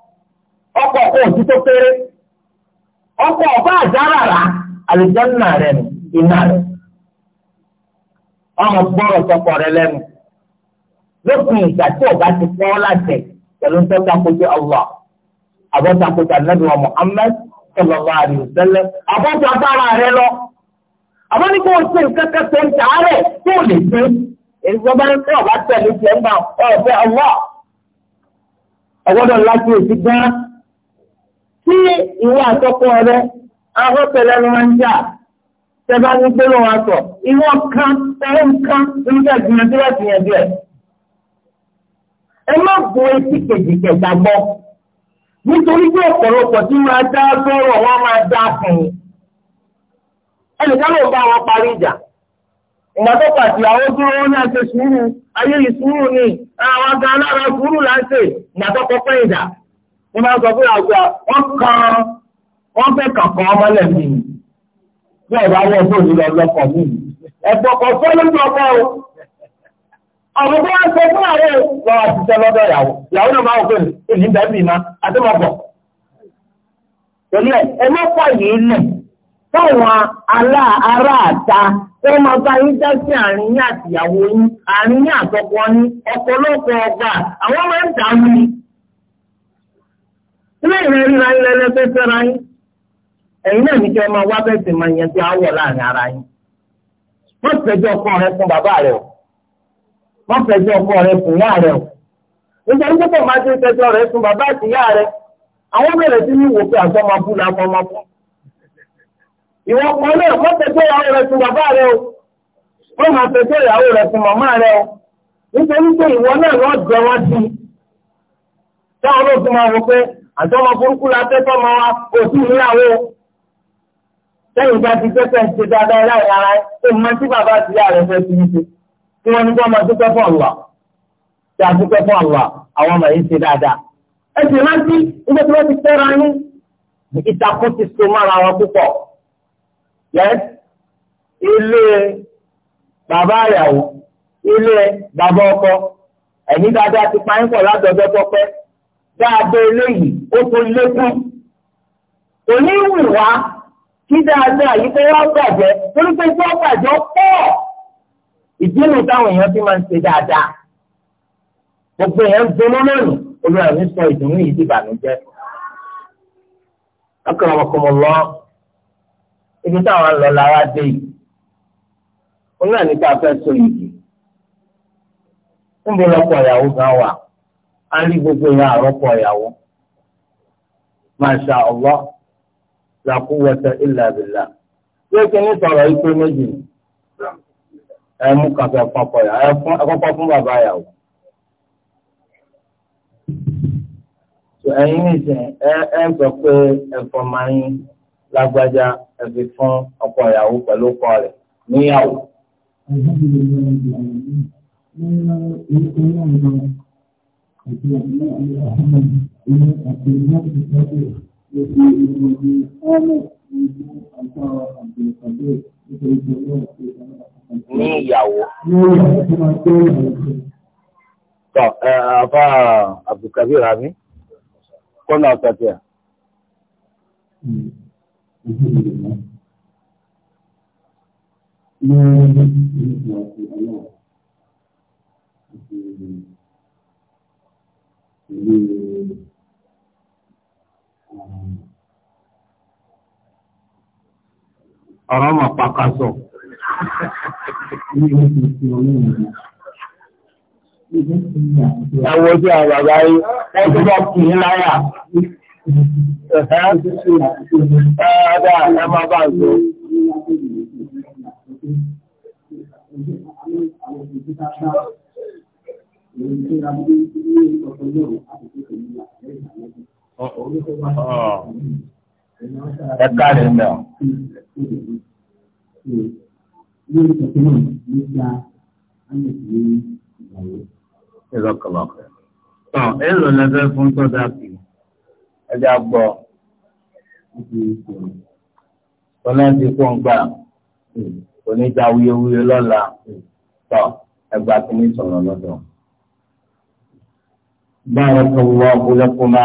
ọkọ̀ kò sí tó péré ọkọ̀ ọba àjáràrà àlùjọ́nà rẹ̀ iná rẹ̀ ọmọ gbọ́rọ̀ sọ̀kọ̀ rẹ̀ lẹ́nu lópin ìgbà tí ọba ti pọ́ láti pẹ̀lú ń tọ́ka kojú ọlọ́ àbọ̀tà kojú anábìwọ̀n Muhammad sallallahu alaihi bára lọ àbọ̀ ní kó o ṣe tó ń ta tí ìwọ àtọkọ rẹ ahọ́tẹ̀lẹ́ ló máa ń jà tẹ́bá ní gbólóhùn aṣọ ìwọ kan ẹ̀rọ nǹkan oníkà láti ẹ má bo etí kejì kẹta gbọ́ nítorí pé ọ̀pọ̀lọpọ̀ tí máa dá máa dá fún un. ẹnìkan ló bá wọn parí ìjà ìgbà tó pàtì àwọn dúró sùúrù ayé ni àwọn ní máa sọ fún àgbà wọ́n kàn wọ́n fẹ́ kàkọ́ ọmọlẹ̀ mi bí ọ̀rọ̀ àwọn ọ̀pọ̀ òní lọ lọ́kọ̀ mi ẹ̀pọ̀kọ̀ fọ́lọ́tì ọkọ̀ o ọ̀rọ̀ tó wá sọ fún ààrẹ lọ́wọ́ àtijọ́ lọ́dọ̀ ìyàwó ìyàwó náà máa wọ pé èyí ń dẹ́bì iná àtẹ́mọ̀bọ̀ pẹ̀lú ẹ̀ ẹ má pọ̀ yìí lẹ̀ fáwọn ará ará àta wọ́n máa bá yín dá sí àárín yín àtìyàwó yín àárín yín àtọkọ yín ọ̀pọ̀lọpọ̀ ọgbà àwọn máa ń dààmú yìí. ilé ìrẹ́ ríra yín lẹ́lẹ́ fẹ́ yín ẹ̀yin náà ní kí ẹ máa wá bẹ́ẹ̀ máa yẹn tí àwọ̀ láàrin ara yín Ma fẹjọ́ ọkọ rẹ fún bàbá rẹ o wọ́n ọkụ ọkọ rẹ fún ìyá rẹ o nítorí máa ti bàbá àti àwọn bẹ̀rẹ̀ sí ní ìwọ náà àtọ́mọ burúkú la fẹ́ tọ́mọ wa kò sí ìyàwó lẹ́yìn bá ti tẹ́tẹ́ ń ṣe dáadáa láì ara ẹ̀ tó máa tí bàbá àti ìyá rẹ̀ fẹ́ ti ń ṣe kí wọ́n ní kí wọ́n máa dúpẹ́ fún ọ̀lùwà tí a dúpẹ́ fún ọ̀lùwà àwọn ọmọ yìí ṣe dáadáa. ẹ sì rántí nígbà tí wọ́n ti tẹ́ra yín ìtàkùn ti so mára wọn púpọ̀ yẹn ilé bàbá àyàwó ilé bàbá ọkọ ẹ̀yìn dáadáa ti pa ń pọ̀ ládọ́jọ́ tọ́pẹ́ dáadáa eléyìí ó tó lékún kò ní kí dáadáa yìí pé wọ́n gbàjẹ́ torí pé tí wọ́n gbàjẹ́ pọ̀ ìdílù táwọn èèyàn ti máa ń ṣe dáadáa gbogbo èèyàn dunu lónìí olùrà mi sọ ìdùnnú yìí ọkàn lọ ibi táwọn lọ masha allah la quwwata illa billah yóò ṣe ní sọ̀rọ̀ yìí pé méjì ni ẹ mú kàfé ọkọ yà ẹ kọ́kọ́ fún bàbá yà o. ẹ̀yin nìsín ẹ ẹ sọ pé ẹ̀fọ́ máa ń lágbájá ẹ̀fí fún ọkọ ìyàwó pẹ̀lú ọkọ rẹ̀ níyàwó. Thank you. Ini akhirnya sesuatu yaitu menjadi anak ibu atau adik adik ọ̀rọ̀ mọ̀ pàkàṣọ tí a bàbá yìí wọ́n tó bá kì í láyà ẹ káàdì ń ìlọ́kọ̀lọ́kọ̀ tán èlò lẹ́fẹ́ fún sọ́dà kì í ẹja tọ́lá ti kó ń gbà oníjà wuyewuye lọ́la tọ́ ẹgbà kìíní sọ̀rọ̀ lọ́dọ̀. بارك الله لكما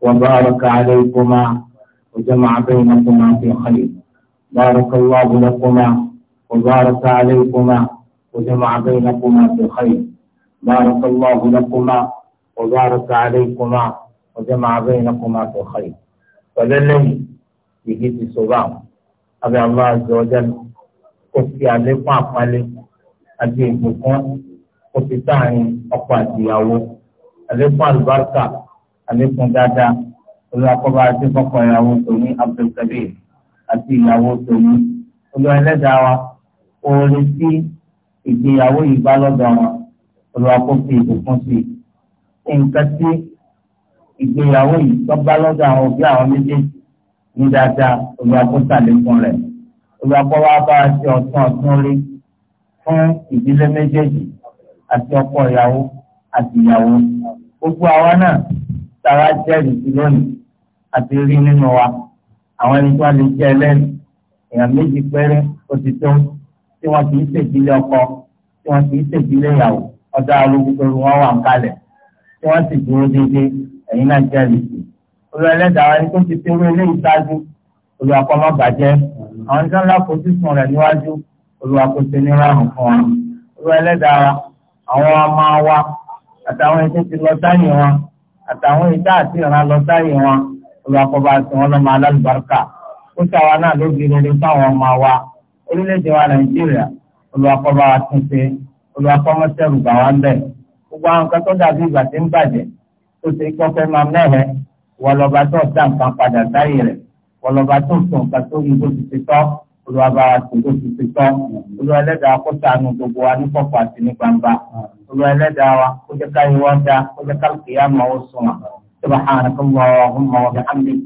وبارك عليكما وجمع بينكما في خير بارك الله لكما وبارك عليكما وجمع بينكما في خير بارك الله لكما وبارك عليكما وجمع بينكما في خير وللي يجي الصباح أبي الله عز وجل قصي عليكم أقوالي أجيبكم قصي تاني أقوى الدياو عليكم البركة àlékún dáadáa olùwàkọ́ba àti kọ́kọ́ ìyàwó tòní abdulkabir àti ìyàwó tòní olùwà ẹlẹ́dàá wa oore sí ìgbéyàwó yìí bá lọ́dọ̀ wọn olùwàkọ́ fi ìbùkún sí i nǹkan tí ìgbéyàwó yìí tó bá lọ́dọ̀ àwọn òbí àwọn méjèèjì ní dáadáa olùwàkọ́ sàlékún rẹ̀ olùwàkọ́ wa bá a ṣe ọ̀tún ọ̀tún rí fún ìdílé méjèèjì àti ọkọ ìyàwó àti ìyàwó gbogbo àwa náà táwa jẹ́rìí sí lónìí àti rí nínú wa àwọn ẹni tí wọ́n lè jẹ́ ẹlẹ́rìí èèyàn méjì péré ó ti tó tí wọ́n kì í ṣèdílé ọkọ tí wọ́n kì í ṣèdílé ìyàwó ọjọ́ arúgbó pẹ̀lú wọn wà ń kalẹ̀ tí wọ́n sì dúró déédéé ẹ̀yin náà jẹ́rìí sí. olú ẹlẹ́dàá wa ni tó ti tó wọlé ìtajú olùwàkọ́ má bàjẹ́ àwọn tí wọ́n lákòóso sùn rẹ̀ níwájú olùwàkóso ní ráhùn fún wa olú ẹlẹ́dàá àwọn ọmọ wa àtàwọn ẹni tó ti lọ sáyìn wọn àtàwọn ìdá àti ìran lọ sáyé wọn olùwàkọ̀bá àti wọn lọ́mọ alálùbáríkà ó ṣàwa náà ló bí rere fáwọn ọmọ wa orílẹ̀-èdè wa nàìjíríà olùwàkọ̀bá àtúnṣe olùwàkọ̀mọ́sẹ̀rù bà wá ń bẹ̀ gbogbo àwọn kan tó dàbí ìgbà tí ń bàjẹ́ tó ṣe kí wọ́n fẹ́ máa mẹ́hẹ́ wọlọ́ba tó dá padà sáyé rẹ̀ wọlọ́ba tó sùn nǹkan ibo ti ti tọ́ olùwàbàrà tòkó ti ti tọ́ olùwàlẹ́dàá kó sànù gbogbo wa ní kọ̀kọ̀ àti ní gbangba olùwàlẹ́dàá wa kó jẹ́ ká yíwọ́ da kó jẹ́ ká kìí àmọ́ wò sùn wa subhanakallahumma wa bihamdik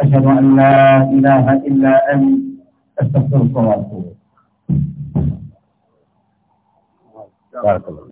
ashhadu an la ilaha illa anta astaghfiruka wa atubu.